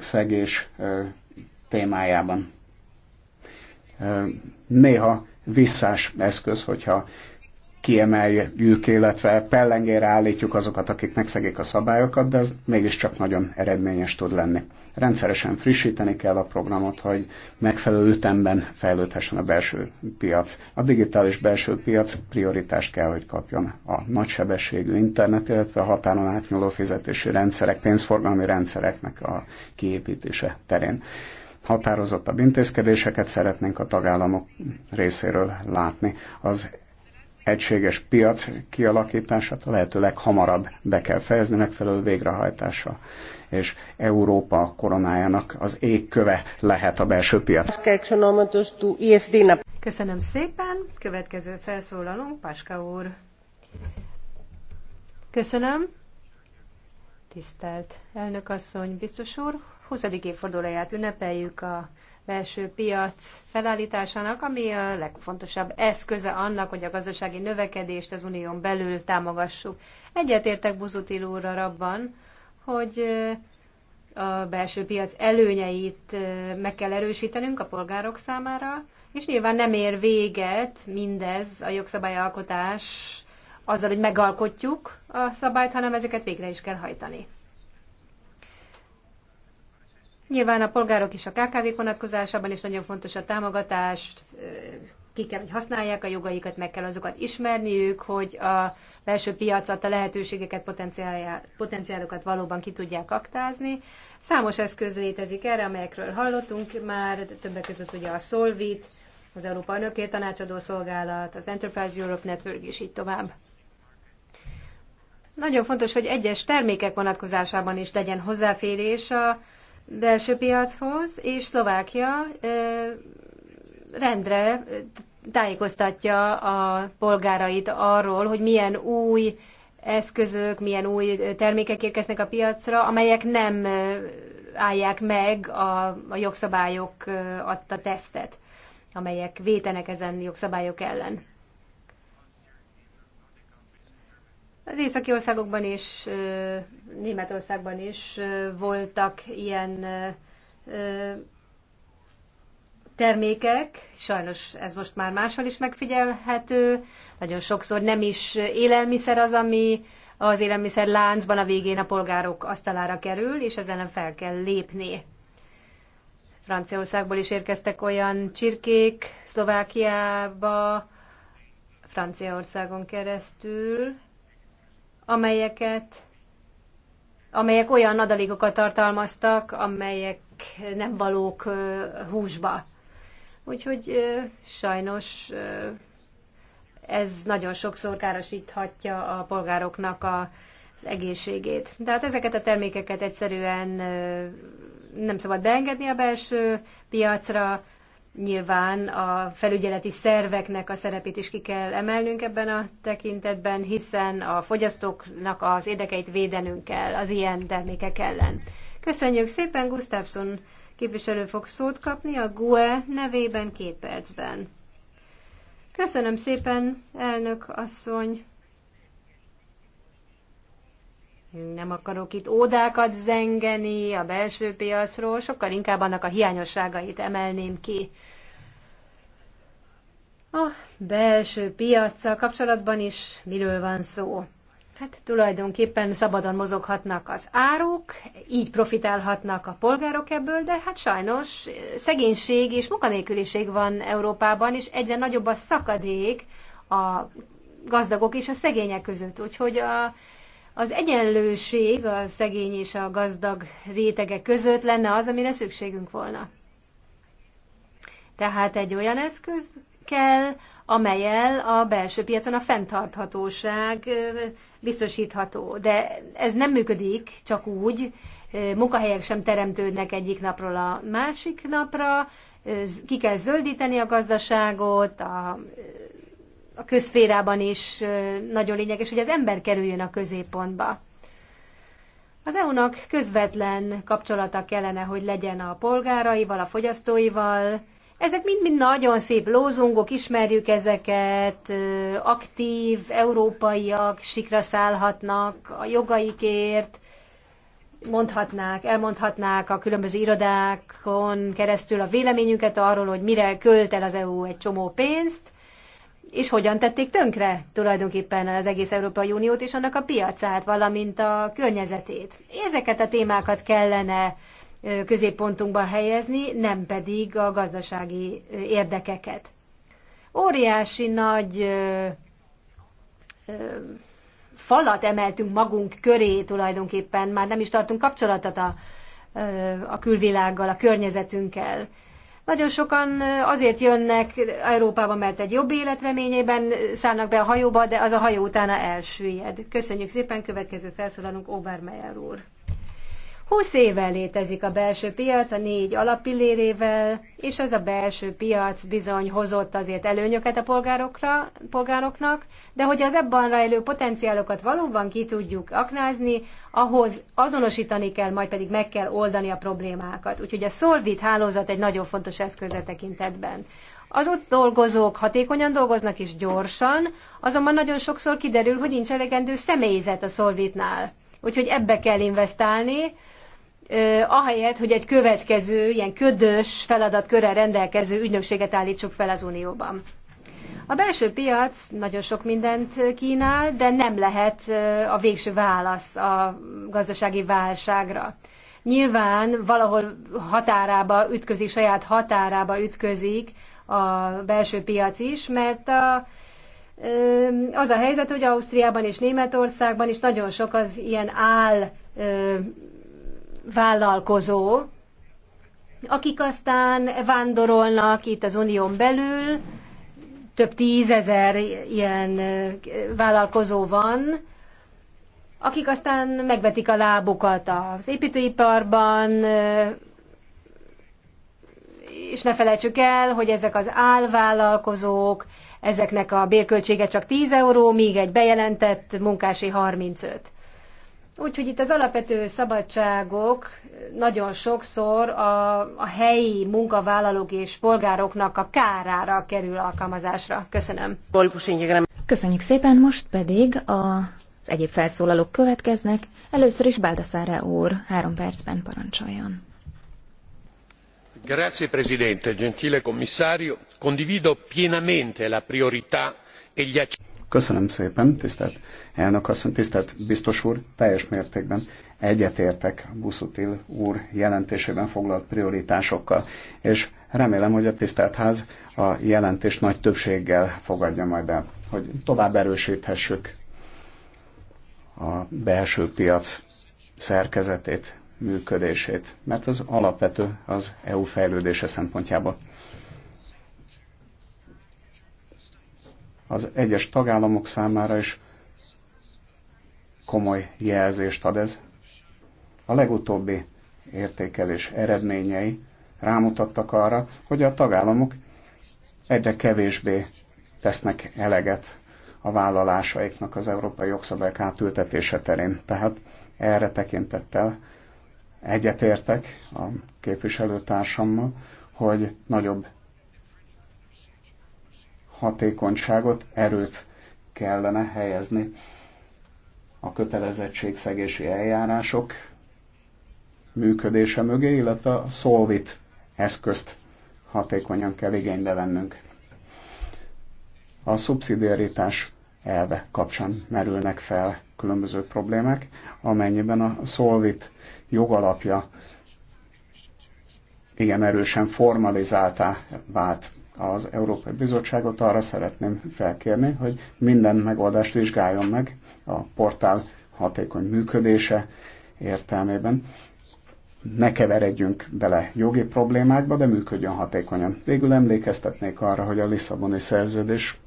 B: szegés témájában. Néha visszás eszköz, hogyha kiemeljük, illetve pellengére állítjuk azokat, akik megszegik a szabályokat, de ez mégiscsak nagyon eredményes tud lenni rendszeresen frissíteni kell a programot, hogy megfelelő ütemben fejlődhessen a belső piac. A digitális belső piac prioritást kell, hogy kapjon a nagysebességű internet, illetve a határon átnyúló fizetési rendszerek, pénzforgalmi rendszereknek a kiépítése terén határozottabb intézkedéseket szeretnénk a tagállamok részéről látni. Az egységes piac kialakítását a lehető leghamarabb be kell fejezni megfelelő végrehajtása. És Európa koronájának az égköve lehet a belső piac.
C: Köszönöm szépen. Következő felszólalunk, Paska úr. Köszönöm. Tisztelt elnök asszony, biztos úr, 20. évfordulóját ünnepeljük a belső piac felállításának, ami a legfontosabb eszköze annak, hogy a gazdasági növekedést az unión belül támogassuk. Egyetértek Buzutil úrral abban, hogy a belső piac előnyeit meg kell erősítenünk a polgárok számára, és nyilván nem ér véget mindez a jogszabályalkotás azzal, hogy megalkotjuk a szabályt, hanem ezeket végre is kell hajtani. Nyilván a polgárok is a KKV vonatkozásában is nagyon fontos a támogatást, ki kell, hogy használják a jogaikat, meg kell azokat ismerniük, hogy a belső piac a lehetőségeket, potenciálokat valóban ki tudják aktázni. Számos eszköz létezik erre, amelyekről hallottunk már, többek között ugye a Solvit, az Európa Önökért Tanácsadó Szolgálat, az Enterprise Europe Network és így tovább. Nagyon fontos, hogy egyes termékek vonatkozásában is legyen hozzáférés a belső piachoz, és Szlovákia rendre tájékoztatja a polgárait arról, hogy milyen új eszközök, milyen új termékek érkeznek a piacra, amelyek nem állják meg a, a jogszabályok adta tesztet, amelyek vétenek ezen jogszabályok ellen. Az északi országokban is, Németországban is voltak ilyen termékek, sajnos ez most már máshol is megfigyelhető, nagyon sokszor nem is élelmiszer az, ami az élelmiszer láncban a végén a polgárok asztalára kerül, és ezzel nem fel kell lépni. Franciaországból is érkeztek olyan csirkék, Szlovákiába, Franciaországon keresztül, amelyeket, amelyek olyan adalékokat tartalmaztak, amelyek nem valók húsba. Úgyhogy sajnos ez nagyon sokszor károsíthatja a polgároknak a, az egészségét. Tehát ezeket a termékeket egyszerűen nem szabad beengedni a belső piacra, Nyilván a felügyeleti szerveknek a szerepét is ki kell emelnünk ebben a tekintetben, hiszen a fogyasztóknak az érdekeit védenünk kell az ilyen termékek ellen. Köszönjük szépen, Gustafsson képviselő fog szót kapni a GUE nevében két percben. Köszönöm szépen, elnök asszony. Nem akarok itt ódákat zengeni a belső piacról, sokkal inkább annak a hiányosságait emelném ki, a belső piacsal kapcsolatban is miről van szó? Hát tulajdonképpen szabadon mozoghatnak az áruk, így profitálhatnak a polgárok ebből, de hát sajnos szegénység és munkanélküliség van Európában, és egyre nagyobb a szakadék a gazdagok és a szegények között. Úgyhogy a, az egyenlőség a szegény és a gazdag rétege között lenne az, amire szükségünk volna. Tehát egy olyan eszköz kell, amelyel a belső piacon a fenntarthatóság biztosítható. De ez nem működik csak úgy, munkahelyek sem teremtődnek egyik napról a másik napra, ki kell zöldíteni a gazdaságot, a, a közférában is nagyon lényeges, hogy az ember kerüljön a középpontba. Az EU-nak közvetlen kapcsolata kellene, hogy legyen a polgáraival, a fogyasztóival, ezek mind-mind nagyon szép lózungok, ismerjük ezeket, aktív európaiak sikra szállhatnak a jogaikért, mondhatnák, elmondhatnák a különböző irodákon keresztül a véleményünket arról, hogy mire költ el az EU egy csomó pénzt, és hogyan tették tönkre tulajdonképpen az egész Európai Uniót és annak a piacát, valamint a környezetét. Ezeket a témákat kellene középpontunkba helyezni, nem pedig a gazdasági érdekeket. Óriási nagy ö, ö, falat emeltünk magunk köré tulajdonképpen, már nem is tartunk kapcsolatot a, ö, a külvilággal, a környezetünkkel. Nagyon sokan azért jönnek Európába, mert egy jobb életreményében szállnak be a hajóba, de az a hajó utána elsüllyed. Köszönjük szépen, következő felszólalunk Obermeyer úr. 20 éve létezik a belső piac, a négy alapillérével, és ez a belső piac bizony hozott azért előnyöket a polgárokra, polgároknak, de hogy az ebben rejlő potenciálokat valóban ki tudjuk aknázni, ahhoz azonosítani kell, majd pedig meg kell oldani a problémákat. Úgyhogy a Solvit hálózat egy nagyon fontos eszköze tekintetben. Az ott dolgozók hatékonyan dolgoznak és gyorsan, azonban nagyon sokszor kiderül, hogy nincs elegendő személyzet a Solvitnál. Úgyhogy ebbe kell investálni, ahelyett, hogy egy következő, ilyen ködös feladatkörrel rendelkező ügynökséget állítsuk fel az Unióban. A belső piac nagyon sok mindent kínál, de nem lehet a végső válasz a gazdasági válságra. Nyilván valahol határába ütközik, saját határába ütközik a belső piac is, mert a, az a helyzet, hogy Ausztriában és Németországban is nagyon sok az ilyen áll vállalkozó, akik aztán vándorolnak itt az unión belül, több tízezer ilyen vállalkozó van, akik aztán megvetik a lábukat az építőiparban, és ne felejtsük el, hogy ezek az álvállalkozók, ezeknek a bérköltsége csak 10 euró, míg egy bejelentett munkási 35. Úgyhogy itt az alapvető szabadságok nagyon sokszor a, a helyi munkavállalók és polgároknak a kárára kerül alkalmazásra. Köszönöm.
A: Köszönjük szépen, most pedig az egyéb felszólalók következnek. Először is Baldassare úr, három percben
B: parancsoljon. Grazie Presidente, gentile commissario, condivido pienamente la priorità e gli Köszönöm szépen, tisztelt elnök asszony, tisztelt biztos úr, teljes mértékben egyetértek Buszutil úr jelentésében foglalt prioritásokkal, és remélem, hogy a tisztelt ház a jelentést nagy többséggel fogadja majd el, hogy tovább erősíthessük a belső piac szerkezetét, működését, mert az alapvető az EU fejlődése szempontjából. az egyes tagállamok számára is komoly jelzést ad ez. A legutóbbi értékelés eredményei rámutattak arra, hogy a tagállamok egyre kevésbé tesznek eleget a vállalásaiknak az európai jogszabályok átültetése terén. Tehát erre tekintettel egyetértek a képviselőtársammal, hogy nagyobb hatékonyságot, erőt kellene helyezni a kötelezettségszegési eljárások működése mögé, illetve a Solvit eszközt hatékonyan kell igénybe vennünk. A szubszidiaritás elve kapcsán merülnek fel különböző problémák, amennyiben a Solvit jogalapja igen erősen formalizáltá vált az Európai Bizottságot arra szeretném felkérni, hogy minden megoldást vizsgáljon meg a portál hatékony működése értelmében. Ne keveredjünk bele jogi problémákba, de működjön hatékonyan. Végül emlékeztetnék arra, hogy a Lisszaboni szerződés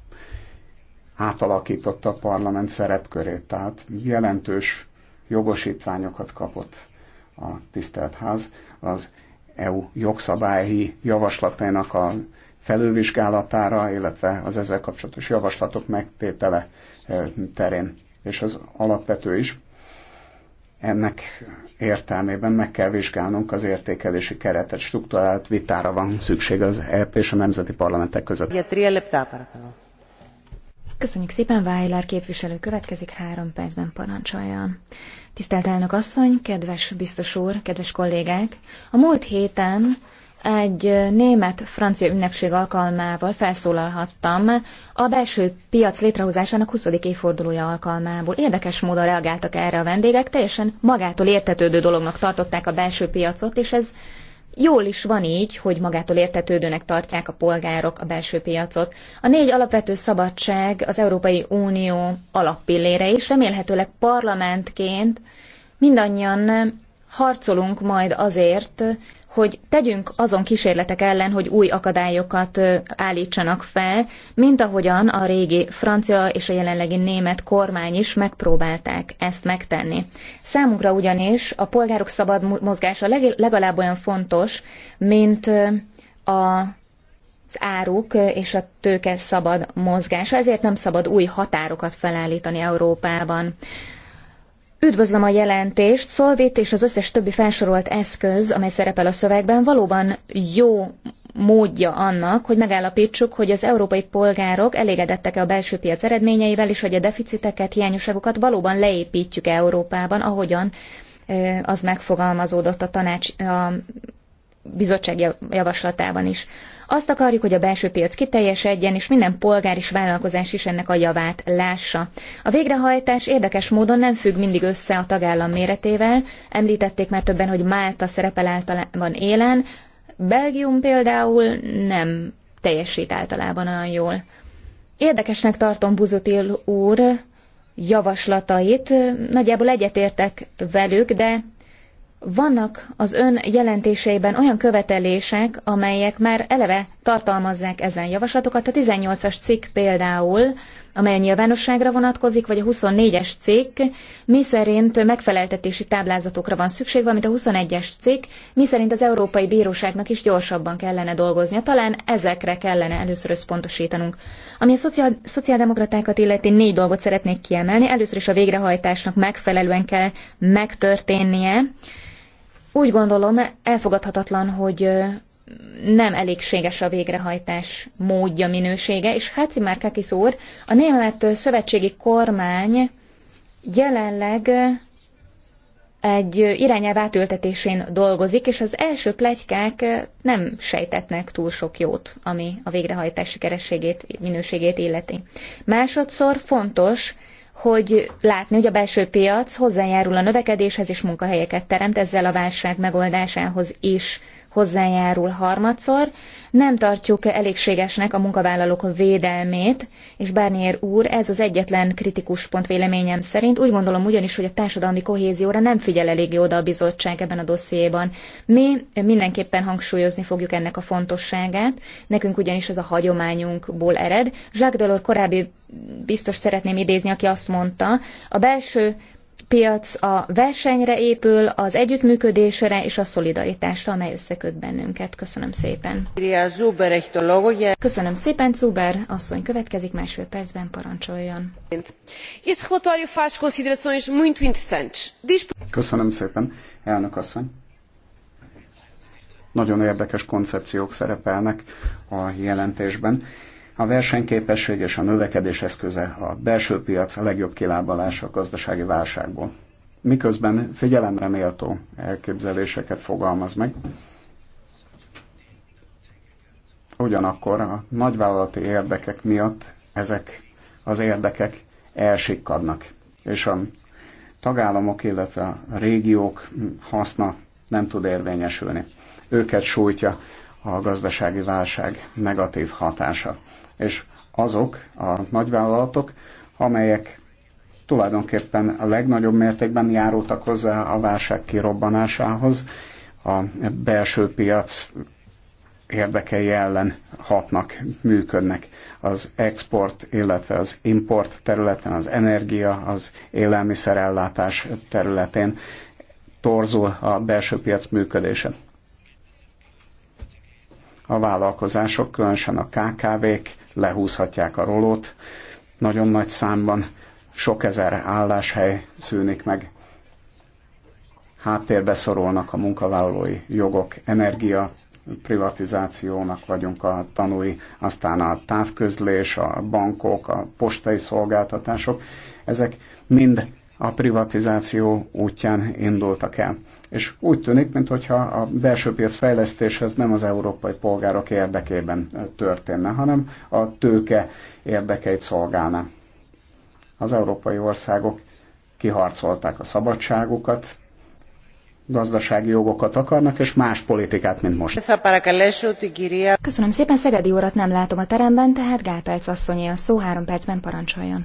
B: átalakította a parlament szerepkörét, tehát jelentős jogosítványokat kapott a tisztelt ház az EU jogszabályi javaslatainak a felülvizsgálatára, illetve az ezzel kapcsolatos javaslatok megtétele terén. És az alapvető is, ennek értelmében meg kell vizsgálnunk az értékelési keretet, struktúrált vitára van szükség az EP és a nemzeti parlamentek között.
A: Köszönjük szépen, Vájlár képviselő következik három percben parancsoljon. Tisztelt elnök asszony, kedves biztos úr, kedves kollégák! A múlt héten egy német-francia ünnepség alkalmával felszólalhattam a belső piac létrehozásának 20. évfordulója alkalmából. Érdekes módon reagáltak erre a vendégek, teljesen magától értetődő dolognak tartották a belső piacot, és ez jól is van így, hogy magától értetődőnek tartják a polgárok a belső piacot. A négy alapvető szabadság az Európai Unió alappillére is, remélhetőleg parlamentként mindannyian harcolunk majd azért, hogy tegyünk azon kísérletek ellen, hogy új akadályokat állítsanak fel, mint ahogyan a régi francia és a jelenlegi német kormány is megpróbálták ezt megtenni. Számunkra ugyanis a polgárok szabad mozgása legalább olyan fontos, mint a az áruk és a tőke szabad mozgása, ezért nem szabad új határokat felállítani Európában. Üdvözlöm a jelentést, Szolvét és az összes többi felsorolt eszköz, amely szerepel a szövegben, valóban jó módja annak, hogy megállapítsuk, hogy az európai polgárok elégedettek-e a belső piac eredményeivel, és hogy a deficiteket, hiányosságokat valóban leépítjük -e Európában, ahogyan az megfogalmazódott a tanács a bizottság javaslatában is. Azt akarjuk, hogy a belső piac kiteljesedjen, és minden polgár és vállalkozás is ennek a javát lássa. A végrehajtás érdekes módon nem függ mindig össze a tagállam méretével. Említették már többen, hogy Málta szerepel általában élen. Belgium például nem teljesít általában olyan jól. Érdekesnek tartom Buzutil úr javaslatait, nagyjából egyetértek velük, de vannak az ön jelentéseiben olyan követelések, amelyek már eleve tartalmazzák ezen javaslatokat. A 18-as cikk például, amely a nyilvánosságra vonatkozik, vagy a 24-es cikk, mi szerint megfeleltetési táblázatokra van szükség, valamint a 21-es cikk, mi szerint az Európai Bíróságnak is gyorsabban kellene dolgoznia. Talán ezekre kellene először összpontosítanunk. Ami a szociál, szociáldemokratákat illeti, négy dolgot szeretnék kiemelni. Először is a végrehajtásnak megfelelően kell megtörténnie úgy gondolom, elfogadhatatlan, hogy nem elégséges a végrehajtás módja, minősége, és Háci Márkákis úr, a német szövetségi kormány jelenleg egy irányelv átültetésén dolgozik, és az első plegykák nem sejtetnek túl sok jót, ami a végrehajtás sikerességét, minőségét illeti. Másodszor fontos hogy látni, hogy a belső piac hozzájárul a növekedéshez és munkahelyeket teremt ezzel a válság megoldásához is hozzájárul harmadszor, nem tartjuk elégségesnek a munkavállalók védelmét, és Barnier úr, ez az egyetlen kritikus pont véleményem szerint. Úgy gondolom ugyanis, hogy a társadalmi kohézióra nem figyel eléggé oda a bizottság ebben a dossziéban. Mi mindenképpen hangsúlyozni fogjuk ennek a fontosságát, nekünk ugyanis ez a hagyományunkból ered. Jacques Delors korábbi biztos szeretném idézni, aki azt mondta, a belső piac a versenyre épül, az együttműködésre és a szolidaritásra, amely összeköt bennünket. Köszönöm szépen. Köszönöm szépen, Zuber asszony következik, másfél percben parancsoljon.
B: Köszönöm szépen, elnök asszony. Nagyon érdekes koncepciók szerepelnek a jelentésben a versenyképesség és a növekedés eszköze a belső piac a legjobb kilábalása a gazdasági válságból. Miközben figyelemre méltó elképzeléseket fogalmaz meg, ugyanakkor a nagyvállalati érdekek miatt ezek az érdekek elsikkadnak, és a tagállamok, illetve a régiók haszna nem tud érvényesülni. Őket sújtja a gazdasági válság negatív hatása és azok a nagyvállalatok, amelyek tulajdonképpen a legnagyobb mértékben járultak hozzá a válság kirobbanásához, a belső piac érdekei ellen hatnak, működnek. Az export, illetve az import területen, az energia, az élelmiszerellátás területén torzul a belső piac működése. A vállalkozások, különösen a KKV-k lehúzhatják a rolót. Nagyon nagy számban sok ezer álláshely szűnik meg. Háttérbe szorulnak a munkavállalói jogok, energia, privatizációnak vagyunk a tanúi, aztán a távközlés, a bankok, a postai szolgáltatások, ezek mind a privatizáció útján indultak el. És úgy tűnik, mintha a belső piac fejlesztéshez nem az európai polgárok érdekében történne, hanem a tőke érdekeit szolgálna. Az európai országok kiharcolták a szabadságukat, gazdasági jogokat akarnak, és más politikát, mint most.
A: Köszönöm szépen, Szegedi urat nem látom a teremben, tehát Gál Perc asszonyé a szó három percben parancsoljon.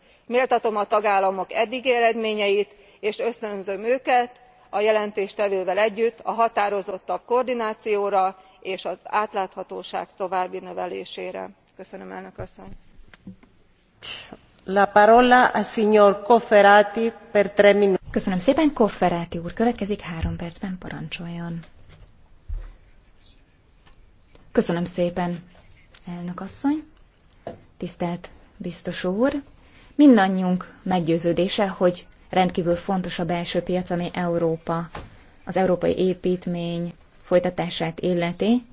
D: méltatom a tagállamok eddigi eredményeit és ösztönzöm őket a jelentéstevővel együtt a határozottabb koordinációra és az átláthatóság további növelésére. köszönöm elnök asszony!
C: Köszönöm szépen, úr
A: következik, három parancsoljon. Köszönöm szépen, tisztelt biztos úr, Mindannyiunk meggyőződése, hogy rendkívül fontos a belső piac, ami Európa, az európai építmény folytatását illeti,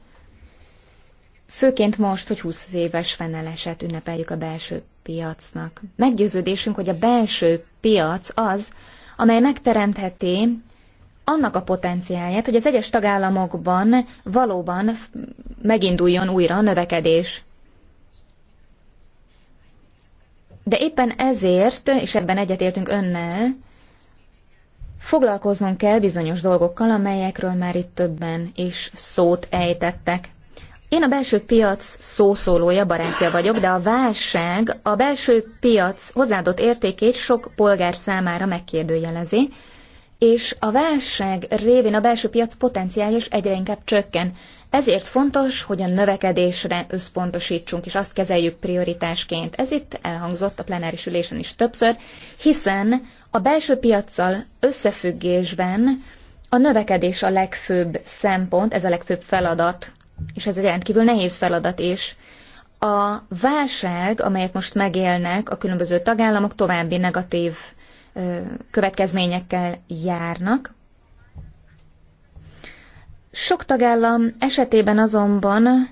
A: Főként most, hogy 20 éves fennállását ünnepeljük a belső piacnak. Meggyőződésünk, hogy a belső piac az, amely megteremtheti annak a potenciáját, hogy az egyes tagállamokban valóban meginduljon újra a növekedés. De éppen ezért, és ebben egyetértünk önnel, foglalkoznunk kell bizonyos dolgokkal, amelyekről már itt többen is szót ejtettek. Én a belső piac szószólója, barátja vagyok, de a válság a belső piac hozzáadott értékét sok polgár számára megkérdőjelezi, és a válság révén a belső piac potenciálja is egyre inkább csökken. Ezért fontos, hogy a növekedésre összpontosítsunk, és azt kezeljük prioritásként. Ez itt elhangzott a plenáris ülésen is többször, hiszen a belső piaccal összefüggésben a növekedés a legfőbb szempont, ez a legfőbb feladat, és ez egy rendkívül nehéz feladat is. A válság, amelyet most megélnek a különböző tagállamok, további negatív következményekkel járnak, sok tagállam esetében azonban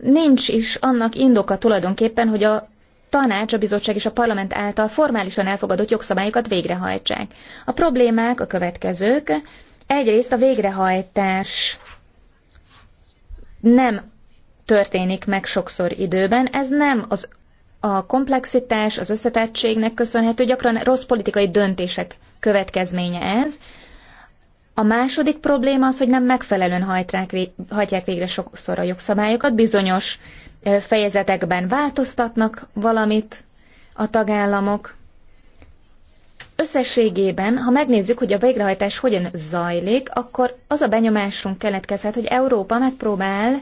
A: nincs is annak indoka tulajdonképpen, hogy a tanács, a bizottság és a parlament által formálisan elfogadott jogszabályokat végrehajtsák. A problémák a következők. Egyrészt a végrehajtás nem történik meg sokszor időben. Ez nem az a komplexitás, az összetettségnek köszönhető, gyakran rossz politikai döntések következménye ez. A második probléma az, hogy nem megfelelően hajtrák, hajtják végre sokszor a jogszabályokat, bizonyos fejezetekben változtatnak valamit a tagállamok. Összességében, ha megnézzük, hogy a végrehajtás hogyan zajlik, akkor az a benyomásunk keletkezhet, hogy Európa megpróbál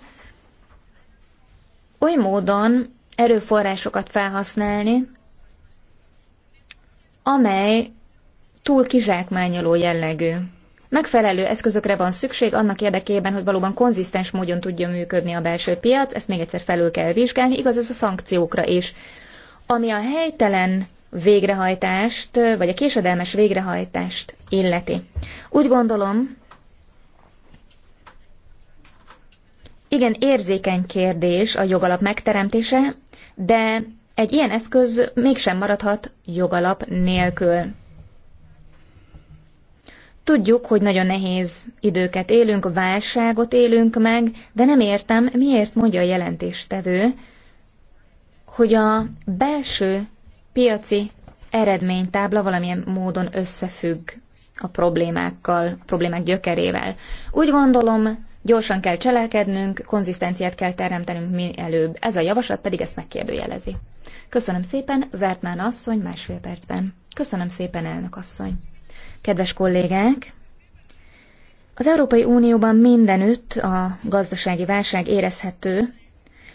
A: oly módon erőforrásokat felhasználni, amely túl kizsákmányoló jellegű. Megfelelő eszközökre van szükség annak érdekében, hogy valóban konzisztens módon tudjon működni a belső piac, ezt még egyszer felül kell vizsgálni, igaz ez a szankciókra is. Ami a helytelen végrehajtást, vagy a késedelmes végrehajtást illeti. Úgy gondolom, igen érzékeny kérdés a jogalap megteremtése, de egy ilyen eszköz mégsem maradhat jogalap nélkül. Tudjuk, hogy nagyon nehéz időket élünk, válságot élünk meg, de nem értem, miért mondja a jelentéstevő, hogy a belső piaci eredménytábla valamilyen módon összefügg a problémákkal, problémák gyökerével. Úgy gondolom, gyorsan kell cselekednünk, konzisztenciát kell teremtenünk mielőbb. Ez a javaslat pedig ezt megkérdőjelezi. Köszönöm szépen, Vertmán asszony másfél percben. Köszönöm szépen, elnök asszony. Kedves kollégák! Az Európai Unióban mindenütt a gazdasági válság érezhető,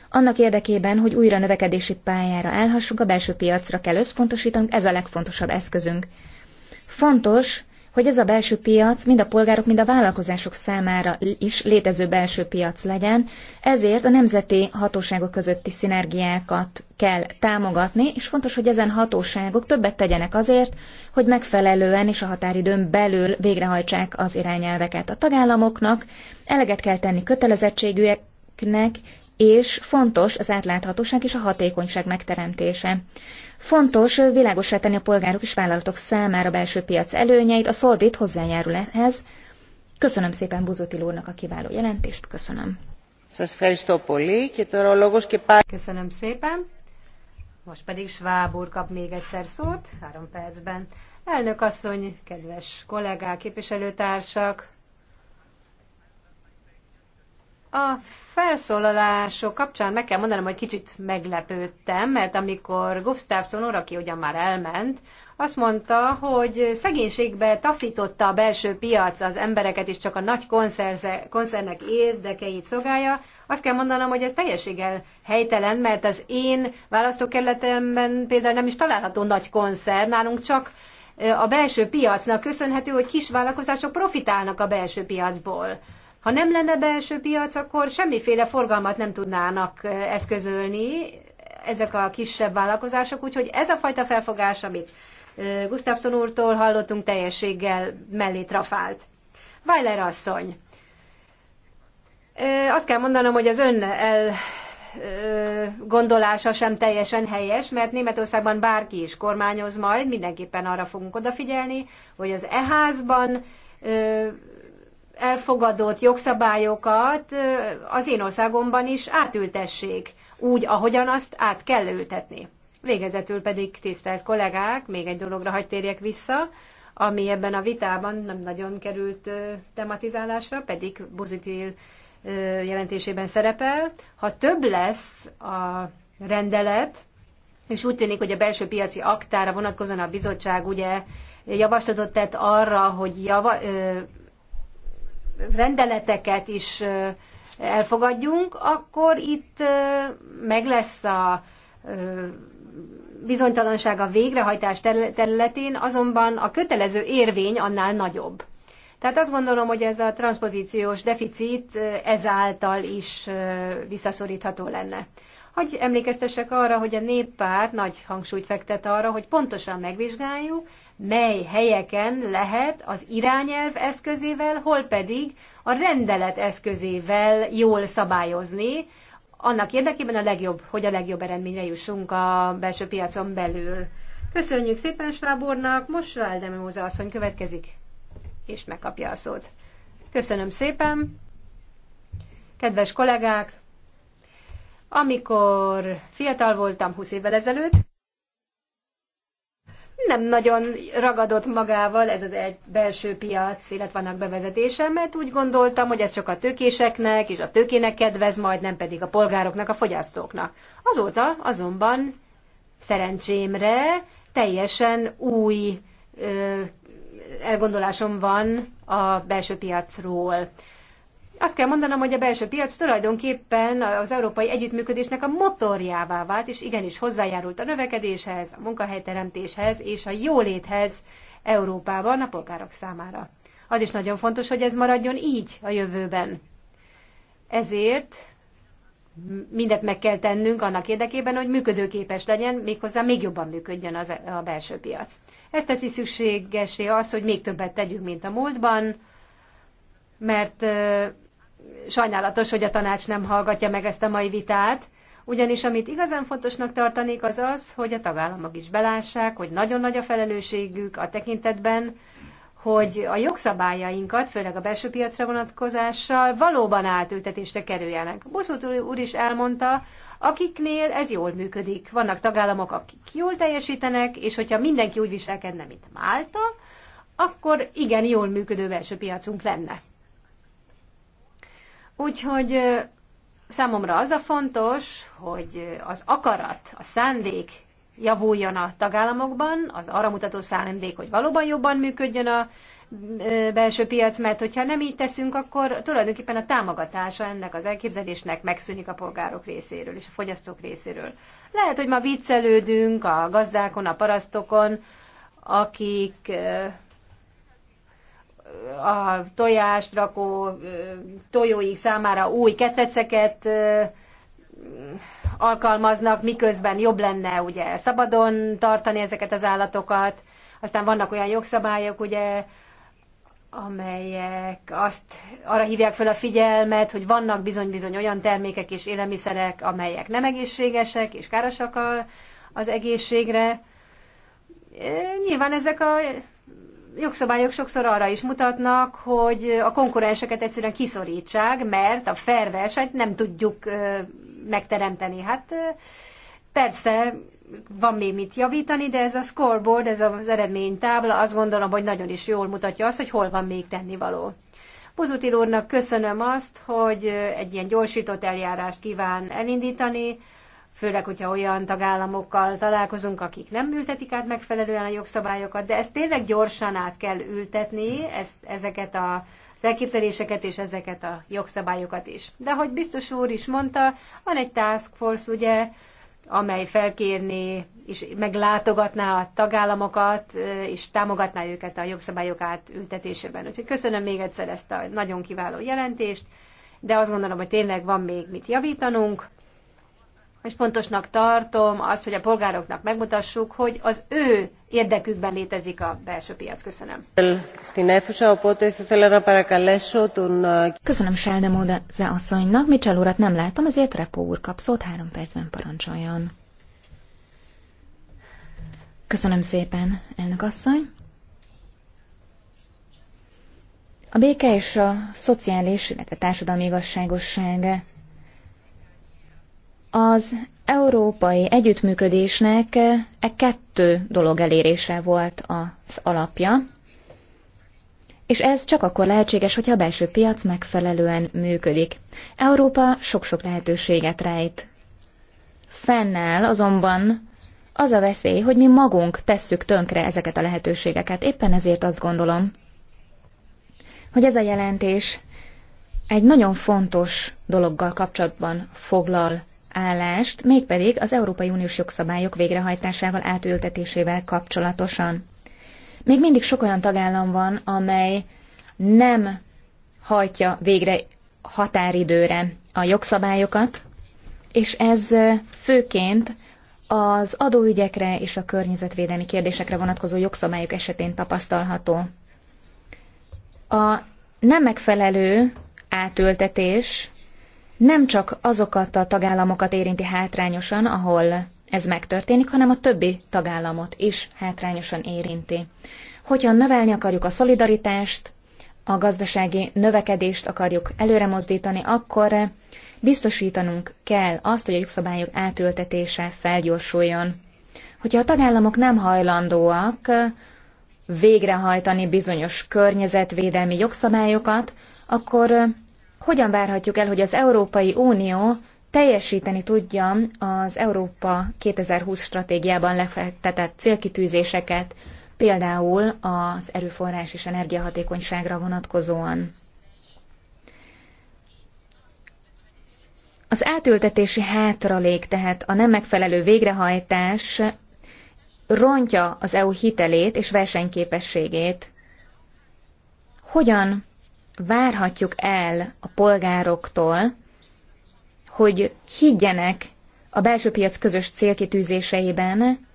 A: annak érdekében, hogy újra növekedési pályára állhassunk, a belső piacra kell összpontosítanunk, ez a legfontosabb eszközünk. Fontos, hogy ez a belső piac mind a polgárok, mind a vállalkozások számára is létező belső piac legyen, ezért a nemzeti hatóságok közötti szinergiákat kell támogatni, és fontos, hogy ezen hatóságok többet tegyenek azért, hogy megfelelően és a határidőn belül végrehajtsák az irányelveket a tagállamoknak, eleget kell tenni kötelezettségűeknek, és fontos az átláthatóság és a hatékonyság megteremtése. Fontos világosra tenni a polgárok és vállalatok számára belső piac előnyeit, a szolvét hozzájárul ehhez. Köszönöm szépen Buzotil úrnak a kiváló jelentést, köszönöm.
C: Köszönöm szépen. Most pedig Schwab úr kap még egyszer szót, három percben. Elnök asszony, kedves kollégák, képviselőtársak, a felszólalások kapcsán meg kell mondanom, hogy kicsit meglepődtem, mert amikor Gustafsson úr, aki ugyan már elment, azt mondta, hogy szegénységbe taszította a belső piac az embereket, és csak a nagy koncernek érdekeit szolgálja, azt kell mondanom, hogy ez teljességgel helytelen, mert az én választókerületemben például nem is található nagy koncern, nálunk csak a belső piacnak köszönhető, hogy kis vállalkozások profitálnak a belső piacból ha nem lenne belső piac, akkor semmiféle forgalmat nem tudnának eszközölni ezek a kisebb vállalkozások, úgyhogy ez a fajta felfogás, amit Gustafsson úrtól hallottunk, teljességgel mellé trafált. Weiler asszony, azt kell mondanom, hogy az ön el gondolása sem teljesen helyes, mert Németországban bárki is kormányoz majd, mindenképpen arra fogunk odafigyelni, hogy az e-házban elfogadott jogszabályokat az én országomban is átültessék, úgy, ahogyan azt át kell ültetni. Végezetül pedig, tisztelt kollégák, még egy dologra hagy térjek vissza, ami ebben a vitában nem nagyon került tematizálásra, pedig buzitil jelentésében szerepel. Ha több lesz a rendelet, és úgy tűnik, hogy a belső piaci aktára vonatkozóan a bizottság ugye javaslatot tett arra, hogy java, ö, rendeleteket is elfogadjunk, akkor itt meg lesz a bizonytalanság a végrehajtás területén, azonban a kötelező érvény annál nagyobb. Tehát azt gondolom, hogy ez a transpozíciós deficit ezáltal is visszaszorítható lenne. Hogy emlékeztessek arra, hogy a néppárt nagy hangsúlyt fektet arra, hogy pontosan megvizsgáljuk, mely helyeken lehet az irányelv eszközével, hol pedig a rendelet eszközével jól szabályozni, annak érdekében a legjobb, hogy a legjobb eredményre jussunk a belső piacon belül. Köszönjük szépen Slábornak, most Móza asszony következik, és megkapja a szót. Köszönöm szépen! Kedves kollégák! Amikor fiatal voltam 20 évvel ezelőtt, nem nagyon ragadott magával ez az egy belső piac, illetve vannak bevezetése, mert úgy gondoltam, hogy ez csak a tőkéseknek és a tőkének kedvez, majd nem pedig a polgároknak, a fogyasztóknak. Azóta azonban szerencsémre teljesen új ö, elgondolásom van a belső piacról. Azt kell mondanom, hogy a belső piac tulajdonképpen az európai együttműködésnek a motorjává vált, és igenis hozzájárult a növekedéshez, a munkahelyteremtéshez és a jóléthez Európában a polgárok számára. Az is nagyon fontos, hogy ez maradjon így a jövőben. Ezért mindent meg kell tennünk annak érdekében, hogy működőképes legyen, méghozzá még jobban működjön az, e- a belső piac. Ez teszi szükségesé az, hogy még többet tegyünk, mint a múltban, mert sajnálatos, hogy a tanács nem hallgatja meg ezt a mai vitát, ugyanis amit igazán fontosnak tartanék az az, hogy a tagállamok is belássák, hogy nagyon nagy a felelősségük a tekintetben, hogy a jogszabályainkat, főleg a belső piacra vonatkozással valóban átültetésre kerüljenek. Boszút úr is elmondta, akiknél ez jól működik. Vannak tagállamok, akik jól teljesítenek, és hogyha mindenki úgy viselkedne, mint Málta, akkor igen, jól működő belső piacunk lenne. Úgyhogy számomra az a fontos, hogy az akarat, a szándék javuljon a tagállamokban, az arra mutató szándék, hogy valóban jobban működjön a belső piac, mert hogyha nem így teszünk, akkor tulajdonképpen a támogatása ennek az elképzelésnek megszűnik a polgárok részéről és a fogyasztók részéről. Lehet, hogy ma viccelődünk a gazdákon, a parasztokon, akik a tojást rakó tojóik számára új ketreceket alkalmaznak, miközben jobb lenne ugye szabadon tartani ezeket az állatokat. Aztán vannak olyan jogszabályok, ugye, amelyek azt arra hívják fel a figyelmet, hogy vannak bizony-bizony olyan termékek és élelmiszerek, amelyek nem egészségesek és károsak a, az egészségre. Nyilván ezek a jogszabályok sokszor arra is mutatnak, hogy a konkurenseket egyszerűen kiszorítsák, mert a fair versenyt nem tudjuk megteremteni. Hát persze van még mit javítani, de ez a scoreboard, ez az eredménytábla azt gondolom, hogy nagyon is jól mutatja azt, hogy hol van még tennivaló. Buzutil úrnak köszönöm azt, hogy egy ilyen gyorsított eljárást kíván elindítani, főleg, hogyha olyan tagállamokkal találkozunk, akik nem ültetik át megfelelően a jogszabályokat, de ezt tényleg gyorsan át kell ültetni, ezt, ezeket a, az elképzeléseket és ezeket a jogszabályokat is. De ahogy biztos úr is mondta, van egy task force, ugye, amely felkérné és meglátogatná a tagállamokat, és támogatná őket a jogszabályok átültetésében. Úgyhogy köszönöm még egyszer ezt a nagyon kiváló jelentést, de azt gondolom, hogy tényleg van még mit javítanunk és fontosnak tartom azt, hogy a polgároknak megmutassuk, hogy az ő érdekükben létezik a belső piac. Köszönöm.
A: Köszönöm Selde Módeze asszonynak. Mitchell urat nem látom, ezért Repó úr kap szót. Három percben parancsoljon. Köszönöm szépen, elnök asszony. A béke és a szociális, illetve társadalmi igazságosság az európai együttműködésnek e kettő dolog elérése volt az alapja, és ez csak akkor lehetséges, hogyha a belső piac megfelelően működik. Európa sok-sok lehetőséget rejt. Fennáll azonban az a veszély, hogy mi magunk tesszük tönkre ezeket a lehetőségeket. Éppen ezért azt gondolom, hogy ez a jelentés egy nagyon fontos dologgal kapcsolatban foglal állást, mégpedig az Európai Uniós jogszabályok végrehajtásával, átültetésével kapcsolatosan. Még mindig sok olyan tagállam van, amely nem hajtja végre határidőre a jogszabályokat, és ez főként az adóügyekre és a környezetvédelmi kérdésekre vonatkozó jogszabályok esetén tapasztalható. A nem megfelelő átültetés nem csak azokat a tagállamokat érinti hátrányosan, ahol ez megtörténik, hanem a többi tagállamot is hátrányosan érinti. Hogyha növelni akarjuk a szolidaritást, a gazdasági növekedést akarjuk előremozdítani, akkor biztosítanunk kell azt, hogy a jogszabályok átültetése felgyorsuljon. Hogyha a tagállamok nem hajlandóak végrehajtani bizonyos környezetvédelmi jogszabályokat, akkor hogyan várhatjuk el, hogy az Európai Unió teljesíteni tudja az Európa 2020 stratégiában lefektetett célkitűzéseket, például az erőforrás és energiahatékonyságra vonatkozóan. Az átültetési hátralék, tehát a nem megfelelő végrehajtás rontja az EU hitelét és versenyképességét. Hogyan várhatjuk el a polgároktól, hogy higgyenek a belső piac közös célkitűzéseiben,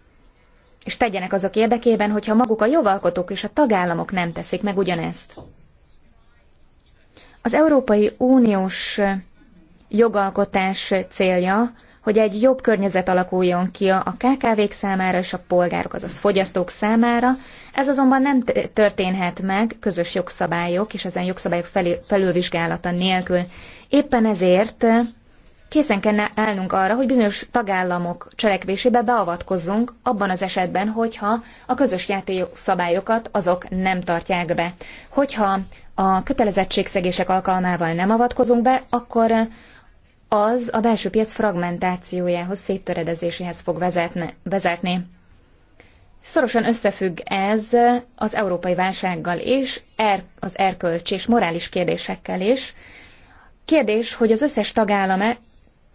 A: és tegyenek azok érdekében, hogyha maguk a jogalkotók és a tagállamok nem teszik meg ugyanezt. Az Európai Uniós jogalkotás célja, hogy egy jobb környezet alakuljon ki a KKV-k számára és a polgárok, azaz fogyasztók számára, ez azonban nem történhet meg közös jogszabályok és ezen jogszabályok felülvizsgálata nélkül. Éppen ezért eh, készen kell állnunk arra, hogy bizonyos tagállamok cselekvésébe beavatkozzunk abban az esetben, hogyha a közös játékszabályokat azok nem tartják be. Hogyha a kötelezettségszegések alkalmával nem avatkozunk be, akkor eh, az a belső piac fragmentációjához, széttöredezéséhez fog vezetni. Szorosan összefügg ez az európai válsággal és er, az erkölcs és morális kérdésekkel is. Kérdés, hogy az összes tagállame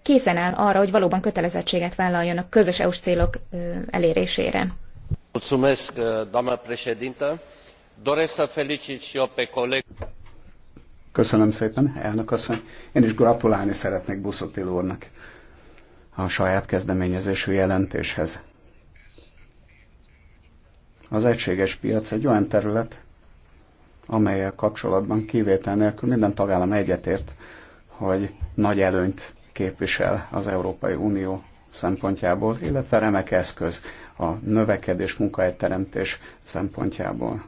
A: készen áll arra, hogy valóban kötelezettséget vállaljon a közös EU-s célok elérésére.
B: Köszönöm szépen, elnök asszony. Én is gratulálni szeretnék Buszotil úrnak a saját kezdeményezésű jelentéshez az egységes piac egy olyan terület, amelyel kapcsolatban kivétel nélkül minden tagállam egyetért, hogy nagy előnyt képvisel az Európai Unió szempontjából, illetve remek eszköz a növekedés, munkahelyteremtés szempontjából.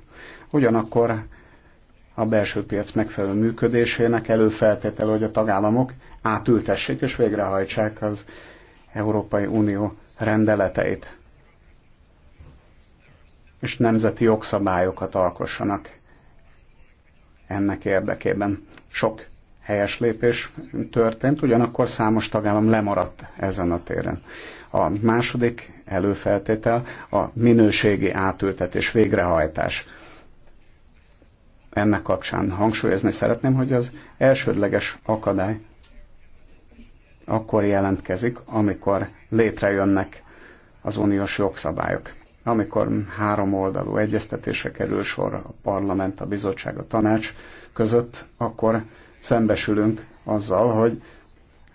B: Ugyanakkor a belső piac megfelelő működésének előfeltétele, hogy a tagállamok átültessék és végrehajtsák az Európai Unió rendeleteit és nemzeti jogszabályokat alkossanak ennek érdekében. Sok helyes lépés történt, ugyanakkor számos tagállam lemaradt ezen a téren. A második előfeltétel a minőségi átültetés, végrehajtás. Ennek kapcsán hangsúlyozni szeretném, hogy az elsődleges akadály akkor jelentkezik, amikor létrejönnek az uniós jogszabályok amikor három oldalú egyeztetése kerül sor a parlament, a bizottság, a tanács között, akkor szembesülünk azzal, hogy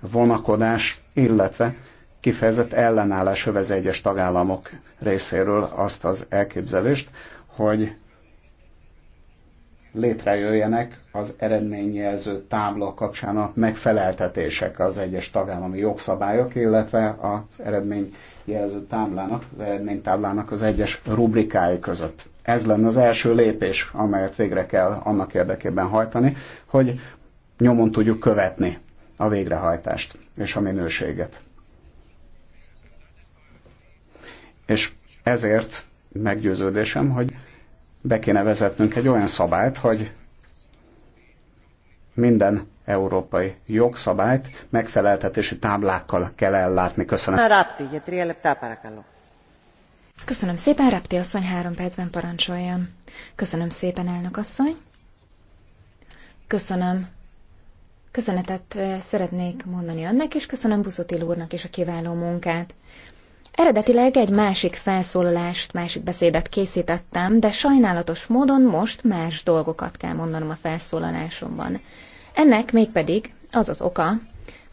B: vonakodás, illetve kifejezett ellenállás övez egyes tagállamok részéről azt az elképzelést, hogy létrejöjjenek az eredményjelző tábla kapcsán a megfeleltetések az egyes tagállami jogszabályok, illetve az eredmény jelző táblának, az eredménytáblának az egyes rubrikái között. Ez lenne az első lépés, amelyet végre kell annak érdekében hajtani, hogy nyomon tudjuk követni a végrehajtást és a minőséget. És ezért meggyőződésem, hogy be kéne vezetnünk egy olyan szabályt, hogy minden európai jogszabályt megfeleltetési táblákkal kell ellátni. Köszönöm. Rápti, Köszönöm
A: szépen, Rápti asszony három percben parancsoljon. Köszönöm szépen, elnök asszony. Köszönöm. Köszönetet eh, szeretnék mondani önnek, és köszönöm Buszotil úrnak is a kiváló munkát. Eredetileg egy másik felszólalást, másik beszédet készítettem, de sajnálatos módon most más dolgokat kell mondanom a felszólalásomban. Ennek mégpedig az az oka,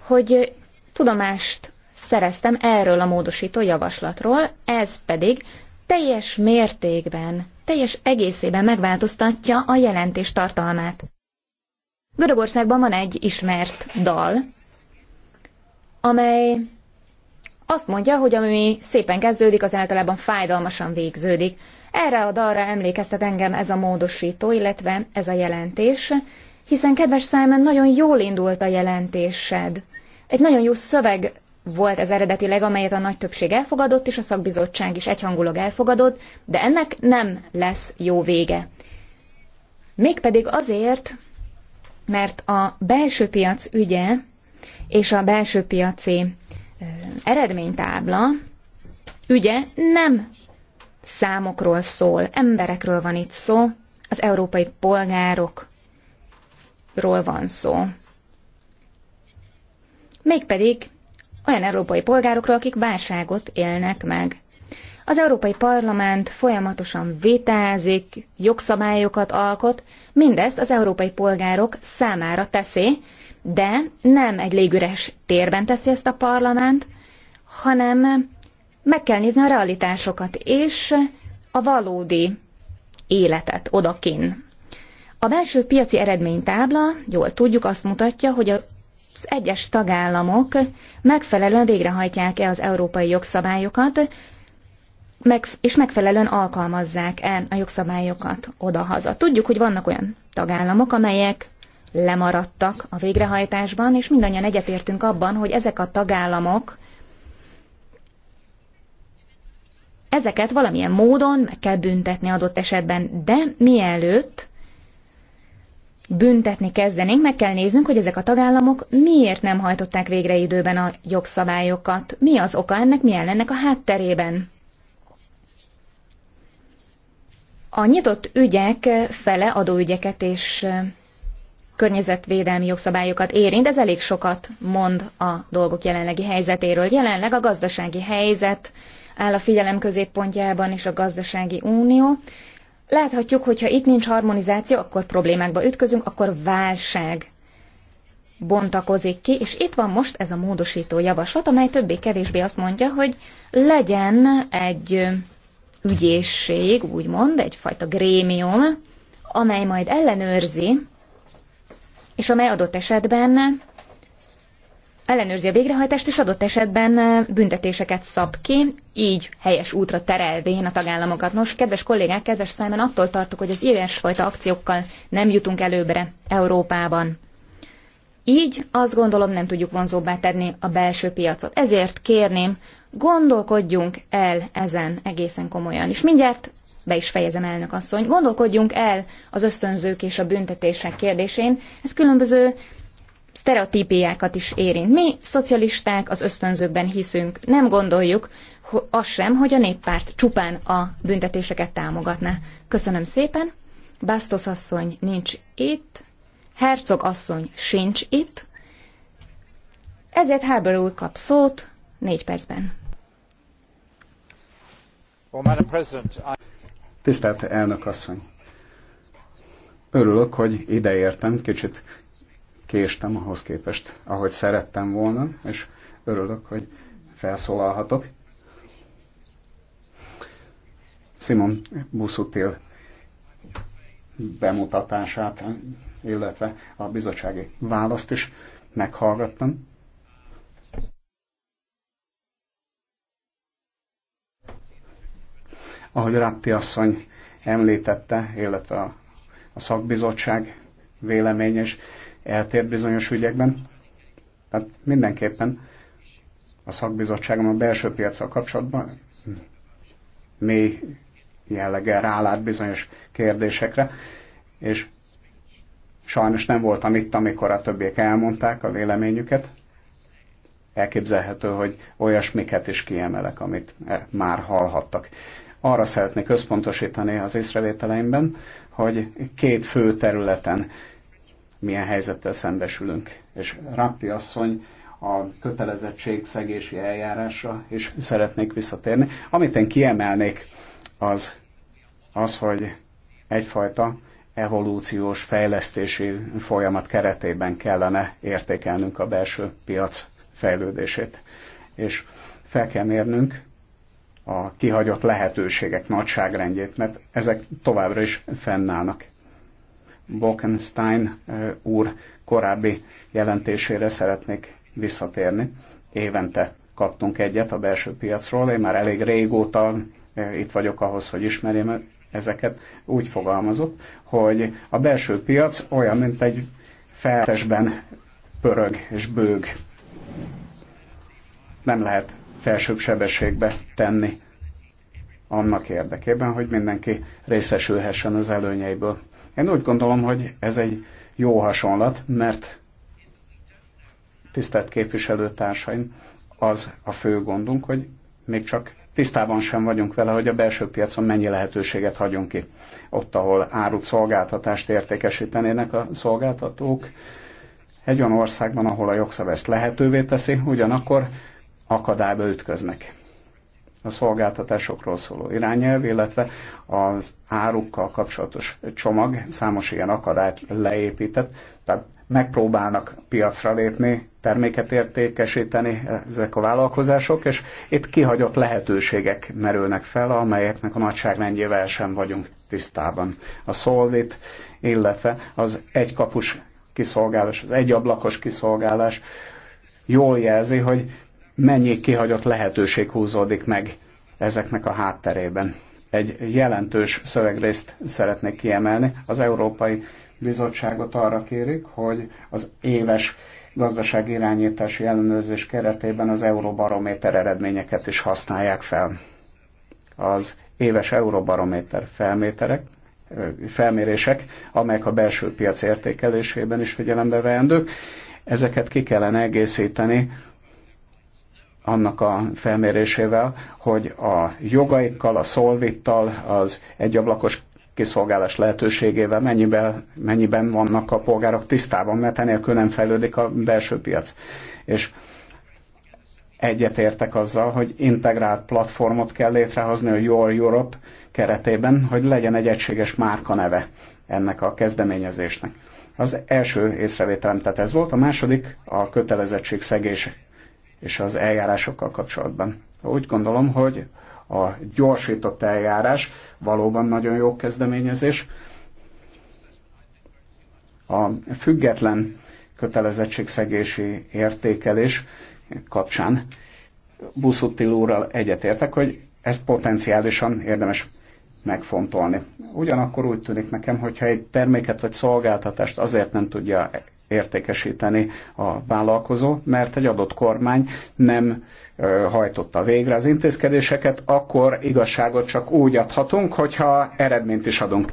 A: hogy tudomást szereztem erről a módosító javaslatról, ez pedig teljes mértékben, teljes egészében megváltoztatja a jelentés tartalmát. Görögországban van egy ismert dal, amely azt mondja, hogy ami szépen kezdődik, az általában fájdalmasan végződik. Erre a dalra emlékeztet engem ez a módosító, illetve ez a jelentés, hiszen kedves Simon, nagyon jól indult a jelentésed. Egy nagyon jó szöveg volt ez eredetileg, amelyet a nagy többség elfogadott, és a szakbizottság is egyhangulag elfogadott, de ennek nem lesz jó vége. Mégpedig azért, mert a belső piac ügye és a belső piaci eredménytábla ügye nem számokról szól, emberekről van itt szó, az európai polgárok ról van szó. Mégpedig olyan európai polgárokról, akik válságot élnek meg. Az Európai Parlament folyamatosan vitázik, jogszabályokat alkot, mindezt az európai polgárok számára teszi, de nem egy légüres térben teszi ezt a parlament, hanem meg kell nézni a realitásokat és a valódi életet odakin. A belső piaci eredménytábla, jól tudjuk, azt mutatja, hogy az egyes tagállamok megfelelően végrehajtják-e az európai jogszabályokat, és megfelelően alkalmazzák-e a jogszabályokat odahaza. Tudjuk, hogy vannak olyan tagállamok, amelyek lemaradtak a végrehajtásban, és mindannyian egyetértünk abban, hogy ezek a tagállamok ezeket valamilyen módon meg kell büntetni adott esetben, de mielőtt büntetni kezdenénk, meg kell néznünk, hogy ezek a tagállamok miért nem hajtották végre időben a jogszabályokat. Mi az oka ennek, mi ennek a hátterében? A nyitott ügyek fele adóügyeket és környezetvédelmi jogszabályokat érint, ez elég sokat mond a dolgok jelenlegi helyzetéről. Jelenleg a gazdasági helyzet áll a figyelem középpontjában és a gazdasági unió. Láthatjuk, hogyha itt nincs harmonizáció, akkor problémákba ütközünk, akkor válság bontakozik ki, és itt van most ez a módosító javaslat, amely többé-kevésbé azt mondja, hogy legyen egy ügyészség, úgymond, egyfajta grémium, amely majd ellenőrzi, és amely adott esetben ellenőrzi a végrehajtást, és adott esetben büntetéseket szab ki, így helyes útra terelvén a tagállamokat. Nos, kedves kollégák, kedves Simon, attól tartok, hogy az ilyesfajta akciókkal nem jutunk előbbre Európában. Így azt gondolom nem tudjuk vonzóbbá tenni a belső piacot. Ezért kérném, gondolkodjunk el ezen egészen komolyan. És mindjárt be is fejezem, elnök asszony, gondolkodjunk el az ösztönzők és a büntetések kérdésén. Ez különböző sztereotípiákat is érint. Mi, szocialisták, az ösztönzőkben hiszünk. Nem gondoljuk azt sem, hogy a néppárt csupán a büntetéseket támogatná. Köszönöm szépen. Bastos asszony nincs itt. Herzog asszony sincs itt. Ezért háború kap szót négy percben.
B: Tisztelt elnök asszony! Örülök, hogy ideértem, kicsit késtem ahhoz képest, ahogy szerettem volna, és örülök, hogy felszólalhatok. Simon Buszutil bemutatását, illetve a bizottsági választ is meghallgattam. Ahogy Rápti asszony említette, illetve a, a szakbizottság véleményes eltér bizonyos ügyekben. Tehát mindenképpen a szakbizottságom a belső piacsal kapcsolatban mély jelleggel rálát bizonyos kérdésekre, és sajnos nem voltam itt, amikor a többiek elmondták a véleményüket. Elképzelhető, hogy olyasmiket is kiemelek, amit e már hallhattak. Arra szeretnék összpontosítani az észrevételeimben, hogy két fő területen milyen helyzettel szembesülünk. És Rappi asszony a kötelezettségszegési eljárásra is szeretnék visszatérni. Amit én kiemelnék, az, az hogy egyfajta evolúciós fejlesztési folyamat keretében kellene értékelnünk a belső piac fejlődését. És fel kell mérnünk a kihagyott lehetőségek nagyságrendjét, mert ezek továbbra is fennállnak. Bolkenstein úr korábbi jelentésére szeretnék visszatérni. Évente kaptunk egyet a belső piacról, én már elég régóta itt vagyok ahhoz, hogy ismerjem ezeket. Úgy fogalmazott, hogy a belső piac olyan, mint egy feltesben pörög és bőg. Nem lehet felsőbb sebességbe tenni annak érdekében, hogy mindenki részesülhessen az előnyeiből én úgy gondolom, hogy ez egy jó hasonlat, mert tisztelt képviselőtársaim, az a fő gondunk, hogy még csak tisztában sem vagyunk vele, hogy a belső piacon mennyi lehetőséget hagyunk ki. Ott, ahol árut szolgáltatást értékesítenének a szolgáltatók, egy olyan országban, ahol a jogszabály ezt lehetővé teszi, ugyanakkor akadályba ütköznek a szolgáltatásokról szóló irányelv, illetve az árukkal kapcsolatos csomag számos ilyen akadályt leépített, tehát megpróbálnak piacra lépni, terméket értékesíteni ezek a vállalkozások, és itt kihagyott lehetőségek merülnek fel, amelyeknek a nagyságrendjével sem vagyunk tisztában. A Solvit, illetve az egykapus kiszolgálás, az egyablakos kiszolgálás jól jelzi, hogy mennyi kihagyott lehetőség húzódik meg ezeknek a hátterében. Egy jelentős szövegrészt szeretnék kiemelni. Az Európai Bizottságot arra kérik, hogy az éves gazdasági irányítási ellenőrzés keretében az Euróbarométer eredményeket is használják fel. Az éves Euróbarométer felméterek, felmérések, amelyek a belső piac értékelésében is figyelembe veendők, ezeket ki kellene egészíteni annak a felmérésével, hogy a jogaikkal, a szolvittal, az egyablakos kiszolgálás lehetőségével mennyiben, mennyiben vannak a polgárok tisztában, mert enélkül nem fejlődik a belső piac. És egyetértek azzal, hogy integrált platformot kell létrehozni a Your Europe keretében, hogy legyen egy egységes márkaneve ennek a kezdeményezésnek. Az első észrevételem, tehát ez volt, a második a kötelezettségszegés és az eljárásokkal kapcsolatban. Úgy gondolom, hogy a gyorsított eljárás valóban nagyon jó kezdeményezés. A független kötelezettségszegési értékelés kapcsán Buszutil úrral egyetértek, hogy ezt potenciálisan érdemes megfontolni. Ugyanakkor úgy tűnik nekem, hogyha egy terméket vagy szolgáltatást azért nem tudja értékesíteni a vállalkozó, mert egy adott kormány nem hajtotta végre az intézkedéseket, akkor igazságot csak úgy adhatunk, hogyha eredményt is adunk.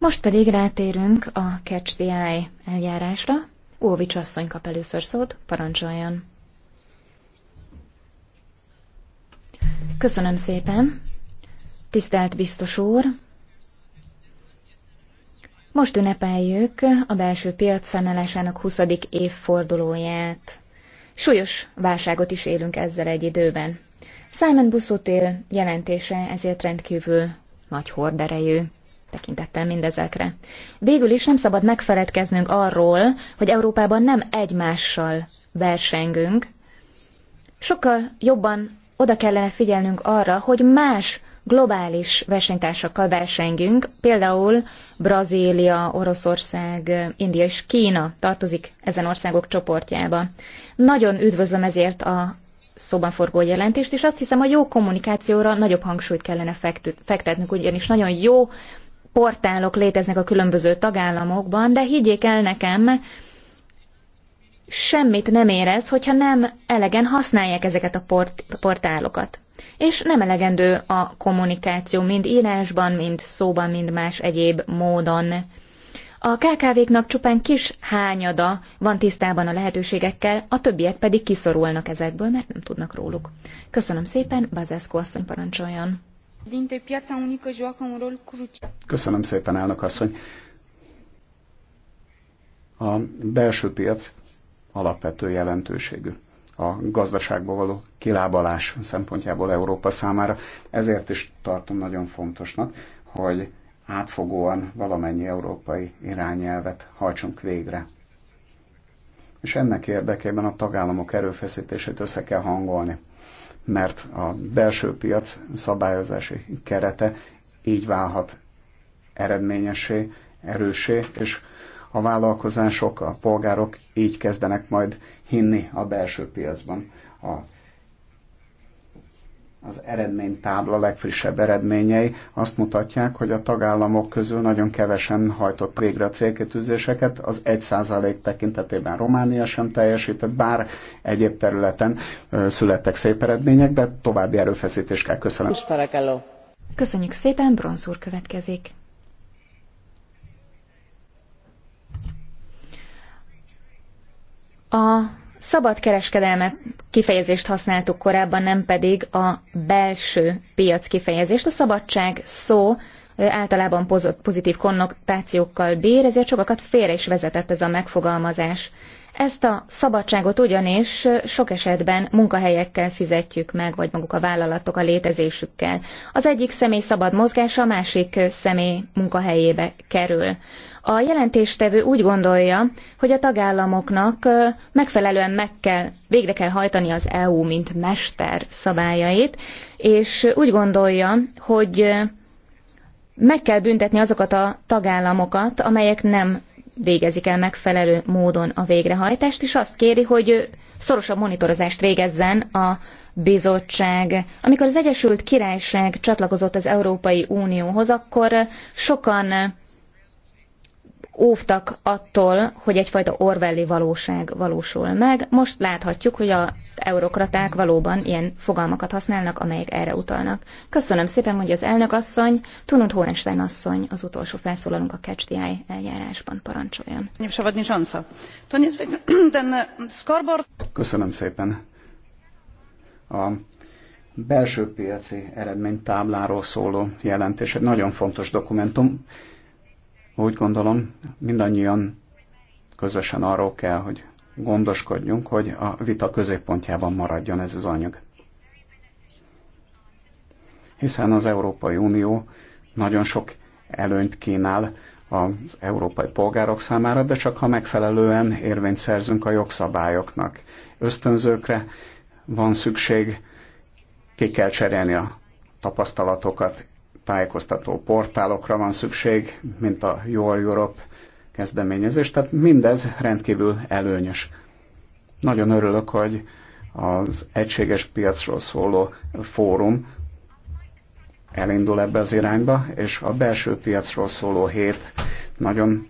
A: Most pedig rátérünk a Catch the Eye eljárásra. Óvics asszony kap először szót, parancsoljon. Köszönöm szépen. Tisztelt biztos úr, most ünnepeljük a belső piac fennállásának 20. évfordulóját. Súlyos válságot is élünk ezzel egy időben. Simon Buszotél jelentése ezért rendkívül nagy horderejű tekintettel mindezekre. Végül is nem szabad megfeledkeznünk arról, hogy Európában nem egymással versengünk. Sokkal jobban oda kellene figyelnünk arra, hogy más globális versenytársakkal versengünk, például Brazília, Oroszország, India és Kína tartozik ezen országok csoportjába. Nagyon üdvözlöm ezért a szóban forgó jelentést, és azt hiszem, a jó kommunikációra nagyobb hangsúlyt kellene fektetnünk, ugyanis nagyon jó portálok léteznek a különböző tagállamokban, de higgyék el nekem, semmit nem érez, hogyha nem elegen használják ezeket a port- portálokat és nem elegendő a kommunikáció mind írásban, mind szóban, mind más egyéb módon. A KKV-knak csupán kis hányada van tisztában a lehetőségekkel, a többiek pedig kiszorulnak ezekből, mert nem tudnak róluk. Köszönöm szépen, Bazeszko asszony parancsoljon.
B: Köszönöm szépen, elnök asszony. A belső piac alapvető jelentőségű a gazdaságból való kilábalás szempontjából Európa számára. Ezért is tartom nagyon fontosnak, hogy átfogóan valamennyi európai irányelvet hajtsunk végre. És ennek érdekében a tagállamok erőfeszítését össze kell hangolni, mert a belső piac szabályozási kerete így válhat eredményessé, erősé, és a vállalkozások, a polgárok így kezdenek majd hinni a belső piacban. A, az eredménytábla legfrissebb eredményei azt mutatják, hogy a tagállamok közül nagyon kevesen hajtott végre a célkitűzéseket, az 1% tekintetében Románia sem teljesített, bár egyéb területen születtek szép eredmények, de további erőfeszítést kell köszönöm.
A: Köszönjük szépen, bronzúr következik. A szabad kereskedelmet kifejezést használtuk korábban, nem pedig a belső piac kifejezést. A szabadság szó általában pozitív konnotációkkal bír, ezért sokakat félre is vezetett ez a megfogalmazás. Ezt a szabadságot ugyanis sok esetben munkahelyekkel fizetjük meg, vagy maguk a vállalatok a létezésükkel. Az egyik személy szabad mozgása, a másik személy munkahelyébe kerül. A jelentéstevő úgy gondolja, hogy a tagállamoknak megfelelően meg kell, végre kell hajtani az EU, mint mester szabályait, és úgy gondolja, hogy meg kell büntetni azokat a tagállamokat, amelyek nem végezik el megfelelő módon a végrehajtást, és azt kéri, hogy szorosabb monitorozást végezzen a bizottság. Amikor az Egyesült Királyság csatlakozott az Európai Unióhoz, akkor sokan óvtak attól, hogy egyfajta orwelli valóság valósul meg. Most láthatjuk, hogy az eurokraták valóban ilyen fogalmakat használnak, amelyek erre utalnak. Köszönöm szépen, hogy az elnök asszony, Tunut Hohenstein asszony az utolsó felszólalunk a Catch the Eye eljárásban
D: parancsoljon. E,
B: Köszönöm szépen. A belső piaci eredménytábláról szóló jelentés egy nagyon fontos dokumentum úgy gondolom, mindannyian közösen arról kell, hogy gondoskodjunk, hogy a vita középpontjában maradjon ez az anyag. Hiszen az Európai Unió nagyon sok előnyt kínál az európai polgárok számára, de csak ha megfelelően érvényt szerzünk a jogszabályoknak. Ösztönzőkre van szükség, ki kell cserélni a tapasztalatokat, tájékoztató portálokra van szükség, mint a Your Europe kezdeményezés, tehát mindez rendkívül előnyös. Nagyon örülök, hogy az egységes piacról szóló fórum elindul ebbe az irányba, és a belső piacról szóló hét nagyon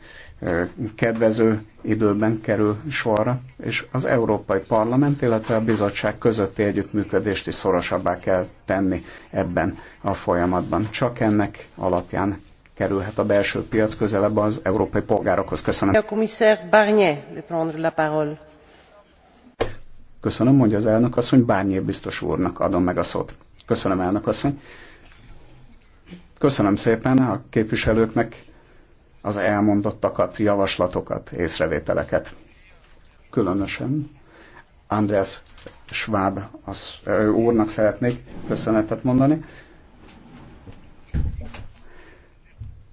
B: kedvező időben kerül sorra, és az Európai Parlament, illetve a bizottság közötti együttműködést is szorosabbá kell tenni ebben a folyamatban. Csak ennek alapján kerülhet a belső piac közelebb az európai polgárokhoz. Köszönöm. A
D: commissaire Barnier de prendre la parole.
B: Köszönöm, mondja az elnök asszony, Barnier biztos úrnak adom meg a szót. Köszönöm, elnök asszony. Köszönöm szépen a képviselőknek az elmondottakat, javaslatokat, észrevételeket. Különösen Andreas Schwab az, ő, úrnak szeretnék köszönetet mondani,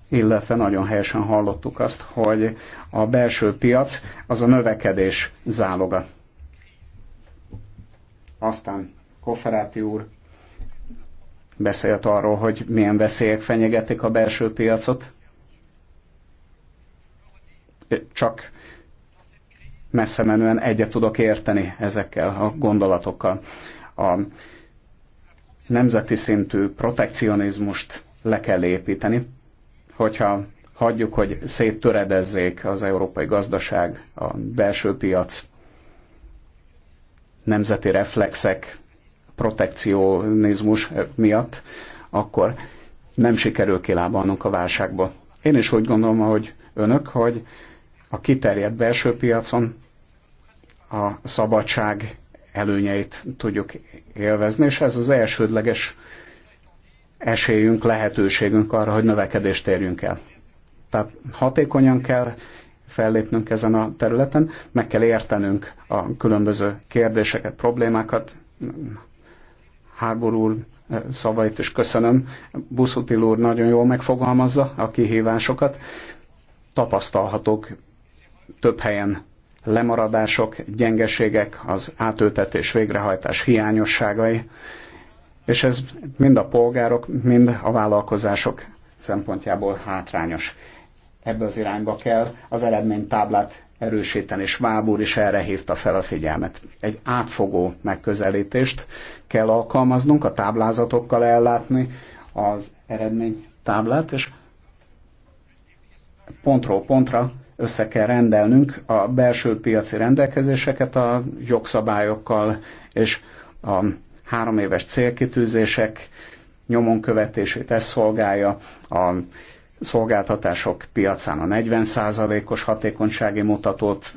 B: illetve nagyon helyesen hallottuk azt, hogy a belső piac az a növekedés záloga. Aztán Koferáti úr beszélt arról, hogy milyen veszélyek fenyegetik a belső piacot, csak messze menően egyet tudok érteni ezekkel a gondolatokkal. A nemzeti szintű protekcionizmust le kell építeni, hogyha hagyjuk, hogy széttöredezzék az európai gazdaság, a belső piac, nemzeti reflexek, protekcionizmus miatt, akkor nem sikerül kilábalnunk a válságba. Én is úgy gondolom, hogy önök, hogy a kiterjedt belső piacon a szabadság előnyeit tudjuk élvezni, és ez az elsődleges esélyünk, lehetőségünk arra, hogy növekedést érjünk el. Tehát hatékonyan kell fellépnünk ezen a területen, meg kell értenünk a különböző kérdéseket, problémákat. Hárbor úr eh, szavait is köszönöm. Buszutil úr nagyon jól megfogalmazza a kihívásokat. Tapasztalhatók több helyen lemaradások, gyengeségek, az átültetés végrehajtás hiányosságai, és ez mind a polgárok, mind a vállalkozások szempontjából hátrányos. Ebbe az irányba kell az eredménytáblát erősíteni, és Vábúr is erre hívta fel a figyelmet. Egy átfogó megközelítést kell alkalmaznunk, a táblázatokkal ellátni az eredménytáblát, és pontról pontra össze kell rendelnünk a belső piaci rendelkezéseket a jogszabályokkal, és a három éves célkitűzések nyomon követését ezt szolgálja, a szolgáltatások piacán a 40%-os hatékonysági mutatót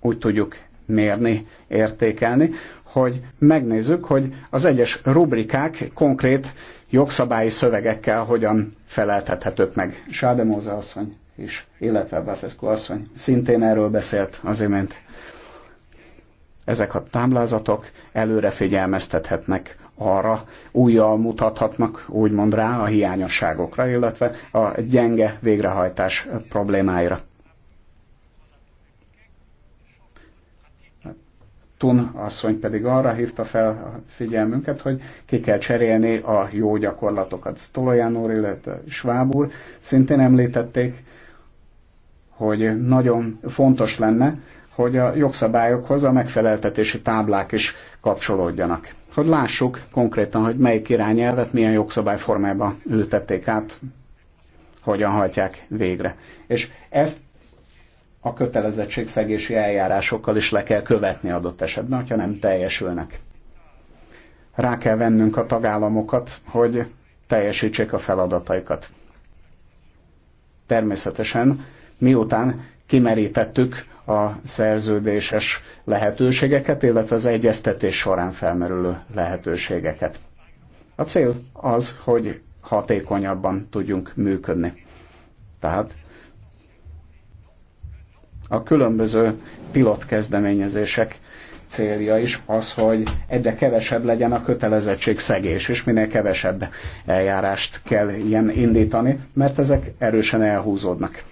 B: úgy tudjuk mérni, értékelni, hogy megnézzük, hogy az egyes rubrikák konkrét jogszabályi szövegekkel hogyan feleltethetők meg. Sádemóze asszony is, illetve Baszeszko asszony szintén erről beszélt az imént. Ezek a táblázatok előre figyelmeztethetnek arra, újjal mutathatnak, úgymond rá a hiányosságokra, illetve a gyenge végrehajtás problémáira. Tun asszony pedig arra hívta fel a figyelmünket, hogy ki kell cserélni a jó gyakorlatokat. Stolojan úr, illetve Schwab úr szintén említették hogy nagyon fontos lenne, hogy a jogszabályokhoz a megfeleltetési táblák is kapcsolódjanak. Hogy lássuk konkrétan, hogy melyik irányelvet milyen jogszabály formába ültették át, hogyan hajtják végre. És ezt a kötelezettségszegési eljárásokkal is le kell követni adott esetben, hogyha nem teljesülnek. Rá kell vennünk a tagállamokat, hogy teljesítsék a feladataikat. Természetesen miután kimerítettük a szerződéses lehetőségeket, illetve az egyeztetés során felmerülő lehetőségeket. A cél az, hogy hatékonyabban tudjunk működni. Tehát a különböző pilotkezdeményezések célja is az, hogy egyre kevesebb legyen a kötelezettség szegés, és minél kevesebb eljárást kell ilyen indítani, mert ezek erősen elhúzódnak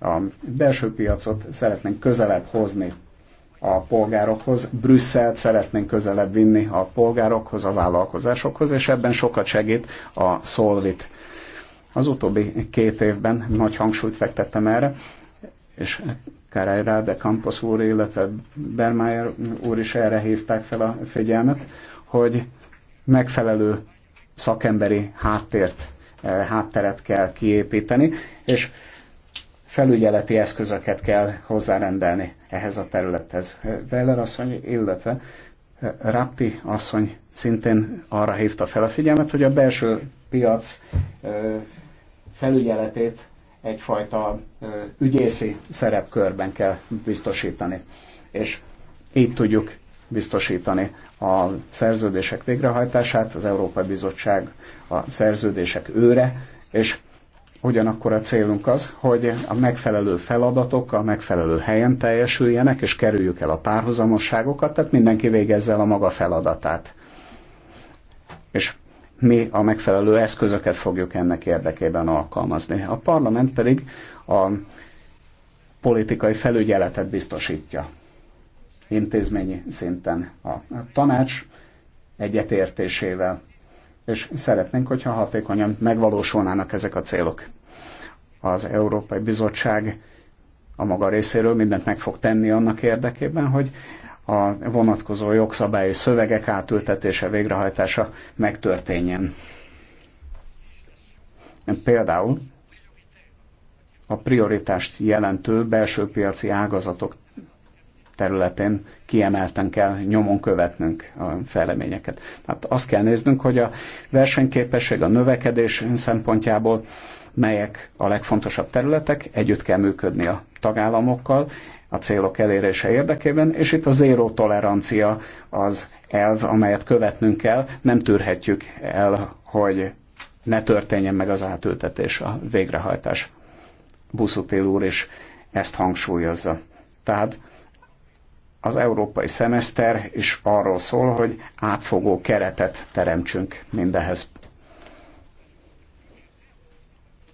B: a belső piacot szeretnénk közelebb hozni a polgárokhoz, Brüsszelt szeretnénk közelebb vinni a polgárokhoz, a vállalkozásokhoz, és ebben sokat segít a Solvit. Az utóbbi két évben nagy hangsúlyt fektettem erre, és Karaj de Campos úr, illetve Bermeyer úr is erre hívták fel a figyelmet, hogy megfelelő szakemberi háttért, eh, hátteret kell kiépíteni, és felügyeleti eszközöket kell hozzárendelni ehhez a területhez. Weiler asszony, illetve Rapti asszony szintén arra hívta fel a figyelmet, hogy a belső piac felügyeletét egyfajta ügyészi szerepkörben kell biztosítani. És így tudjuk biztosítani a szerződések végrehajtását, az Európai Bizottság a szerződések őre, és Ugyanakkor a célunk az, hogy a megfelelő feladatok a megfelelő helyen teljesüljenek, és kerüljük el a párhuzamosságokat, tehát mindenki végezze el a maga feladatát. És mi a megfelelő eszközöket fogjuk ennek érdekében alkalmazni. A parlament pedig a politikai felügyeletet biztosítja intézményi szinten a tanács egyetértésével és szeretnénk, hogyha hatékonyan megvalósulnának ezek a célok. Az Európai Bizottság a maga részéről mindent meg fog tenni annak érdekében, hogy a vonatkozó jogszabályi szövegek átültetése, végrehajtása megtörténjen. Például a prioritást jelentő belső piaci ágazatok területén kiemelten kell nyomon követnünk a fejleményeket. Hát azt kell néznünk, hogy a versenyképesség, a növekedés szempontjából melyek a legfontosabb területek, együtt kell működni a tagállamokkal a célok elérése érdekében, és itt a zéró tolerancia az elv, amelyet követnünk kell, nem tűrhetjük el, hogy ne történjen meg az átültetés, a végrehajtás. Buszutél úr is ezt hangsúlyozza. Tehát az európai szemeszter is arról szól, hogy átfogó keretet teremtsünk mindehez.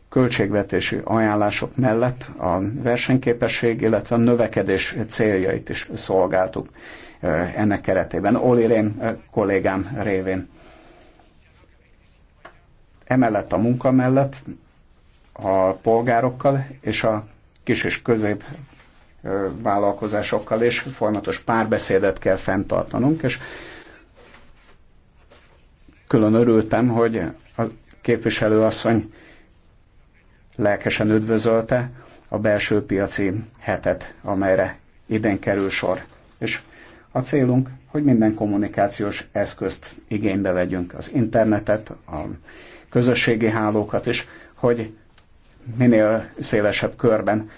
B: Költségvetési ajánlások mellett a versenyképesség, illetve a növekedés céljait is szolgáltuk ennek keretében. Oli Rén kollégám révén. Emellett a munka mellett a polgárokkal és a kis és közép vállalkozásokkal, és folyamatos párbeszédet kell fenntartanunk, és külön örültem, hogy a képviselőasszony lelkesen üdvözölte a belső piaci hetet, amelyre idén kerül sor. És a célunk, hogy minden kommunikációs eszközt igénybe vegyünk, az internetet, a közösségi hálókat, és hogy minél szélesebb körben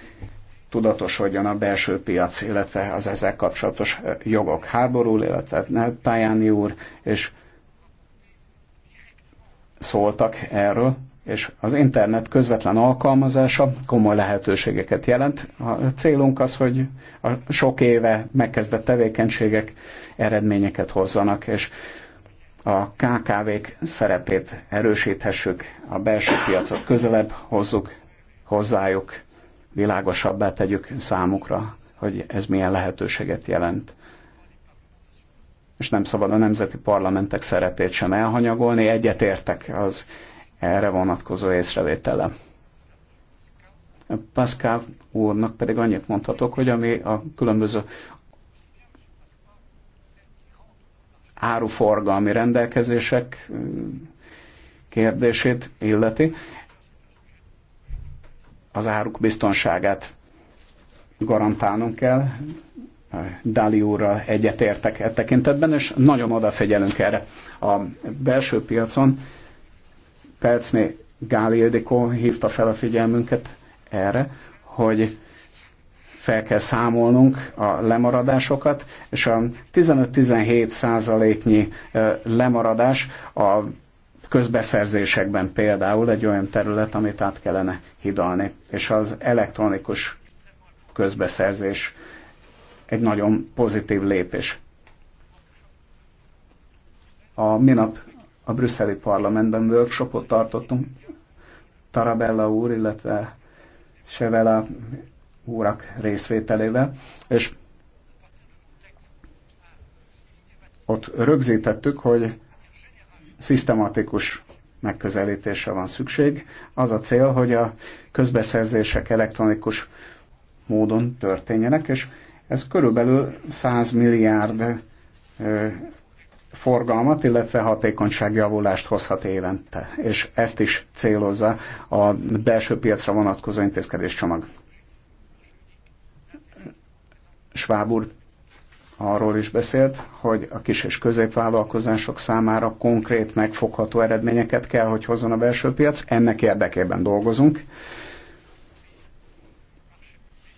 B: tudatosodjon a belső piac, illetve az ezzel kapcsolatos jogok háború, illetve Tájáni úr, és szóltak erről, és az internet közvetlen alkalmazása komoly lehetőségeket jelent. A célunk az, hogy a sok éve megkezdett tevékenységek eredményeket hozzanak, és a KKV-k szerepét erősíthessük, a belső piacot közelebb hozzuk hozzájuk, világosabbá tegyük számukra, hogy ez milyen lehetőséget jelent. És nem szabad a nemzeti parlamentek szerepét sem elhanyagolni, egyetértek az erre vonatkozó észrevétele. Pascal úrnak pedig annyit mondhatok, hogy ami a különböző áruforgalmi rendelkezések kérdését illeti az áruk biztonságát garantálnunk kell. Dali úrral egyetértek e tekintetben, és nagyon odafigyelünk erre. A belső piacon Pelcné Gál Ildikó hívta fel a figyelmünket erre, hogy fel kell számolnunk a lemaradásokat, és a 15-17 százaléknyi lemaradás a közbeszerzésekben például egy olyan terület, amit át kellene hidalni. És az elektronikus közbeszerzés egy nagyon pozitív lépés. A minap a brüsszeli parlamentben workshopot tartottunk, Tarabella úr, illetve Sevela úrak részvételével, és ott rögzítettük, hogy szisztematikus megközelítésre van szükség. Az a cél, hogy a közbeszerzések elektronikus módon történjenek, és ez körülbelül 100 milliárd forgalmat, illetve hatékonyságjavulást hozhat évente. És ezt is célozza a belső piacra vonatkozó intézkedés csomag. Schwab úr arról is beszélt, hogy a kis és középvállalkozások számára konkrét, megfogható eredményeket kell, hogy hozzon a belső piac. Ennek érdekében dolgozunk.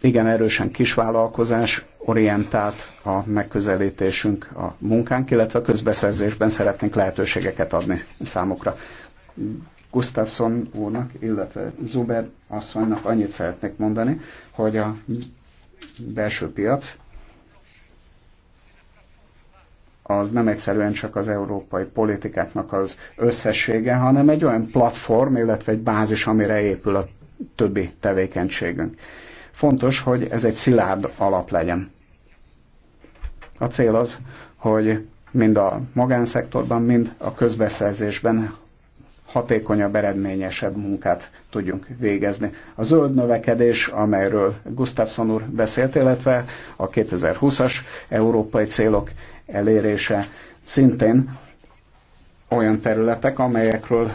B: Igen, erősen kisvállalkozás orientált a megközelítésünk a munkánk, illetve a közbeszerzésben szeretnénk lehetőségeket adni számukra. Gustafsson úrnak, illetve Zuber asszonynak annyit szeretnék mondani, hogy a belső piac az nem egyszerűen csak az európai politikáknak az összessége, hanem egy olyan platform, illetve egy bázis, amire épül a többi tevékenységünk. Fontos, hogy ez egy szilárd alap legyen. A cél az, hogy mind a magánszektorban, mind a közbeszerzésben hatékonyabb, eredményesebb munkát tudjunk végezni. A zöld növekedés, amelyről Gustafsson úr beszélt, illetve a 2020-as európai célok elérése szintén olyan területek, amelyekről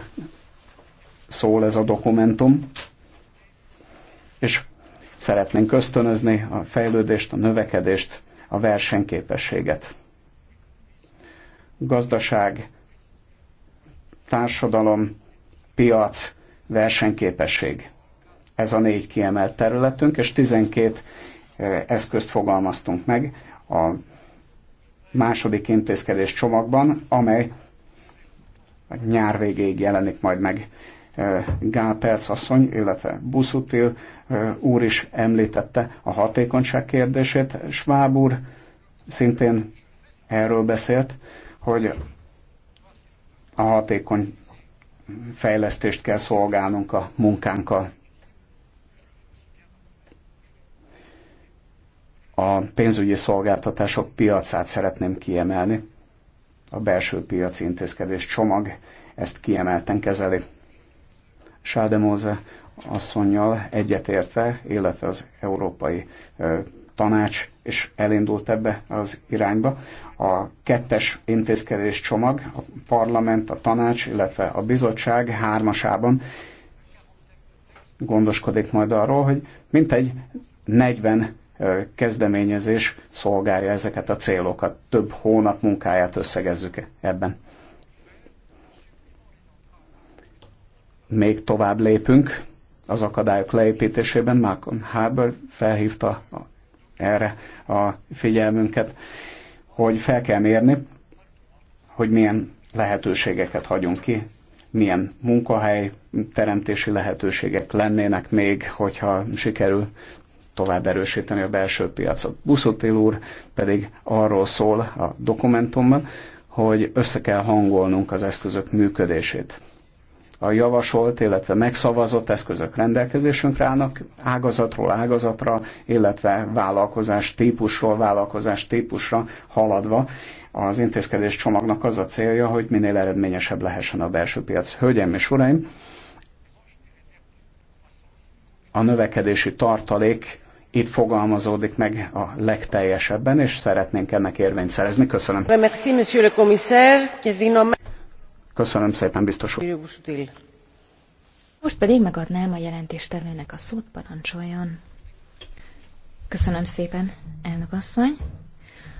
B: szól ez a dokumentum, és szeretnénk ösztönözni a fejlődést, a növekedést, a versenyképességet. Gazdaság, társadalom, piac, versenyképesség. Ez a négy kiemelt területünk, és 12 eh, eszközt fogalmaztunk meg a második intézkedés csomagban, amely nyár végéig jelenik majd meg. Gál Perc asszony, illetve Buszutil úr is említette a hatékonyság kérdését. Schwab úr szintén erről beszélt, hogy a hatékony fejlesztést kell szolgálnunk a munkánkkal. a pénzügyi szolgáltatások piacát szeretném kiemelni. A belső piaci intézkedés csomag ezt kiemelten kezeli. Sáldemóze asszonynal egyetértve, illetve az Európai Tanács és elindult ebbe az irányba. A kettes intézkedés csomag, a parlament, a tanács, illetve a bizottság hármasában gondoskodik majd arról, hogy mintegy 40 kezdeményezés szolgálja ezeket a célokat. Több hónap munkáját összegezzük ebben. Még tovább lépünk az akadályok leépítésében. Malcolm Harbour felhívta erre a figyelmünket, hogy fel kell mérni, hogy milyen lehetőségeket hagyunk ki, milyen munkahely teremtési lehetőségek lennének még, hogyha sikerül tovább erősíteni a belső piacot. Buszotil úr pedig arról szól a dokumentumban, hogy össze kell hangolnunk az eszközök működését. A javasolt, illetve megszavazott eszközök rendelkezésünkre állnak ágazatról ágazatra, illetve vállalkozás típusról vállalkozás típusra haladva. Az intézkedés csomagnak az a célja, hogy minél eredményesebb lehessen a belső piac. Hölgyeim és uraim, a növekedési tartalék itt fogalmazódik meg a legteljesebben, és szeretnénk ennek érvényt szerezni. Köszönöm. Köszönöm szépen, biztos úr.
A: Most pedig megadnám a jelentéstevőnek a szót, parancsoljon. Köszönöm szépen, elnök asszony.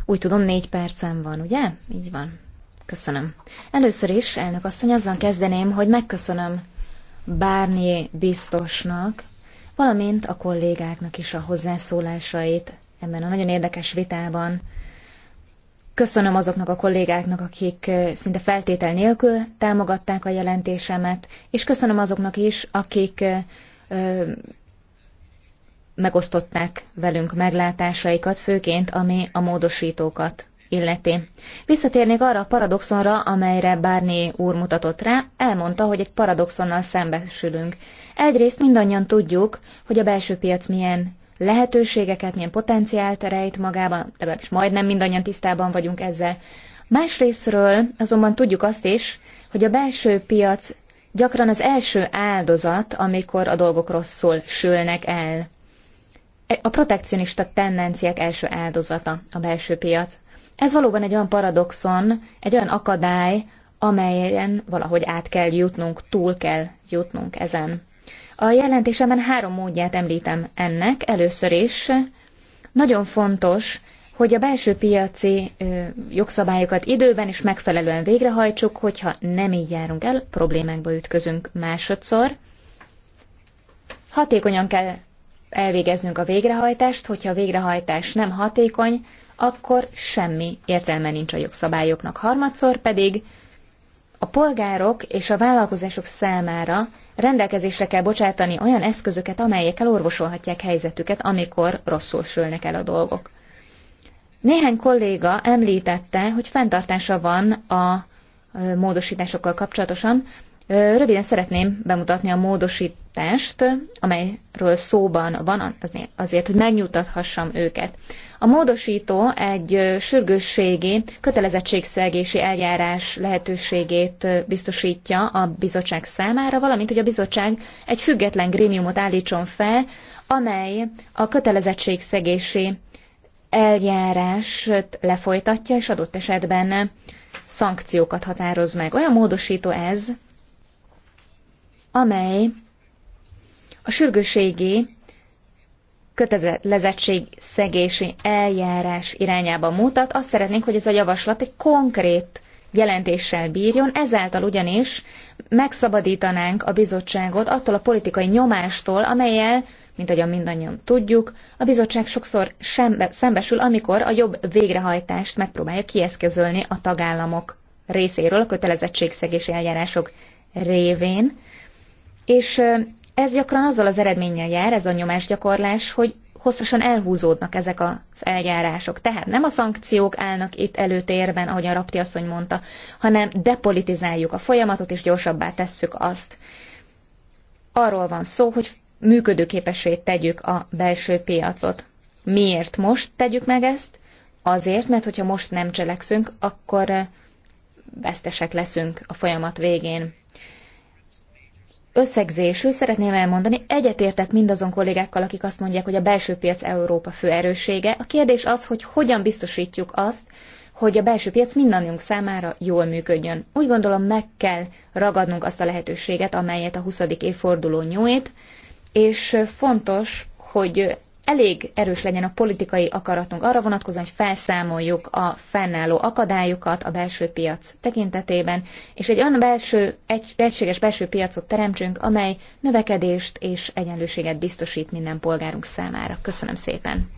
A: Úgy tudom, négy percem van, ugye? Így van. Köszönöm. Először is, elnök asszony, azzal kezdeném, hogy megköszönöm Bárnyé biztosnak valamint a kollégáknak is a hozzászólásait ebben a nagyon érdekes vitában. Köszönöm azoknak a kollégáknak, akik szinte feltétel nélkül támogatták a jelentésemet, és köszönöm azoknak is, akik ö, megosztották velünk meglátásaikat, főként ami a módosítókat illeti. Visszatérnék arra a paradoxonra, amelyre Bárné úr mutatott rá, elmondta, hogy egy paradoxonnal szembesülünk. Egyrészt mindannyian tudjuk, hogy a belső piac milyen lehetőségeket, milyen potenciált rejt magában, legalábbis majdnem mindannyian tisztában vagyunk ezzel. Másrésztről azonban tudjuk azt is, hogy a belső piac gyakran az első áldozat, amikor a dolgok rosszul sülnek el. A protekcionista tendenciák első áldozata a belső piac. Ez valóban egy olyan paradoxon, egy olyan akadály, amelyen valahogy át kell jutnunk, túl kell jutnunk ezen. A jelentésemen három módját említem ennek. Először is nagyon fontos, hogy a belső piaci jogszabályokat időben és megfelelően végrehajtsuk, hogyha nem így járunk el, problémákba ütközünk másodszor. Hatékonyan kell elvégeznünk a végrehajtást, hogyha a végrehajtás nem hatékony, akkor semmi értelme nincs a jogszabályoknak. Harmadszor pedig a polgárok és a vállalkozások számára rendelkezésre kell bocsátani olyan eszközöket, amelyekkel orvosolhatják helyzetüket, amikor rosszul sülnek el a dolgok. Néhány kolléga említette, hogy fenntartása van a módosításokkal kapcsolatosan. Röviden szeretném bemutatni a módosítást, amelyről szóban van, azért, hogy megnyugtathassam őket. A módosító egy sürgősségi kötelezettségszegési eljárás lehetőségét biztosítja a bizottság számára, valamint hogy a bizottság egy független grémiumot állítson fel, amely a kötelezettségszegési eljárást lefolytatja, és adott esetben szankciókat határoz meg. Olyan módosító ez, amely a sürgőségi kötelezettség szegési eljárás irányába mutat. Azt szeretnénk, hogy ez a javaslat egy konkrét jelentéssel bírjon, ezáltal ugyanis megszabadítanánk a bizottságot attól a politikai nyomástól, amelyel, mint ahogyan mindannyian tudjuk, a bizottság sokszor sembe, szembesül, amikor a jobb végrehajtást megpróbálja kieszközölni a tagállamok részéről a kötelezettségszegési eljárások révén, és ez gyakran azzal az eredménnyel jár, ez a nyomásgyakorlás, hogy hosszasan elhúzódnak ezek az eljárások. Tehát nem a szankciók állnak itt előtérben, ahogy a Rapti asszony mondta, hanem depolitizáljuk a folyamatot, és gyorsabbá tesszük azt. Arról van szó, hogy működőképessé tegyük a belső piacot. Miért most tegyük meg ezt? Azért, mert hogyha most nem cselekszünk, akkor vesztesek leszünk a folyamat végén összegzésül szeretném elmondani, egyetértek mindazon kollégákkal, akik azt mondják, hogy a belső piac Európa fő erőssége. A kérdés az, hogy hogyan biztosítjuk azt, hogy a belső piac mindannyiunk számára jól működjön. Úgy gondolom, meg kell ragadnunk azt a lehetőséget, amelyet a 20. évforduló nyújt, és fontos, hogy elég erős legyen a politikai akaratunk arra vonatkozóan, hogy felszámoljuk a fennálló akadályokat a belső piac tekintetében, és egy olyan belső, egy, egységes belső piacot teremtsünk, amely növekedést és egyenlőséget biztosít minden polgárunk számára. Köszönöm szépen!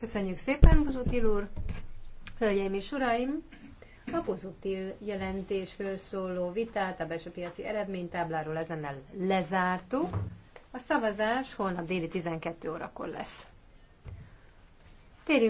D: Köszönjük
C: szépen, Bozotil úr! Hölgyeim és uraim! A pozitív jelentésről szóló vitát, a belső piaci eredménytábláról ezennel lezártuk. A szavazás holnap déli 12 órakor lesz. Térjünk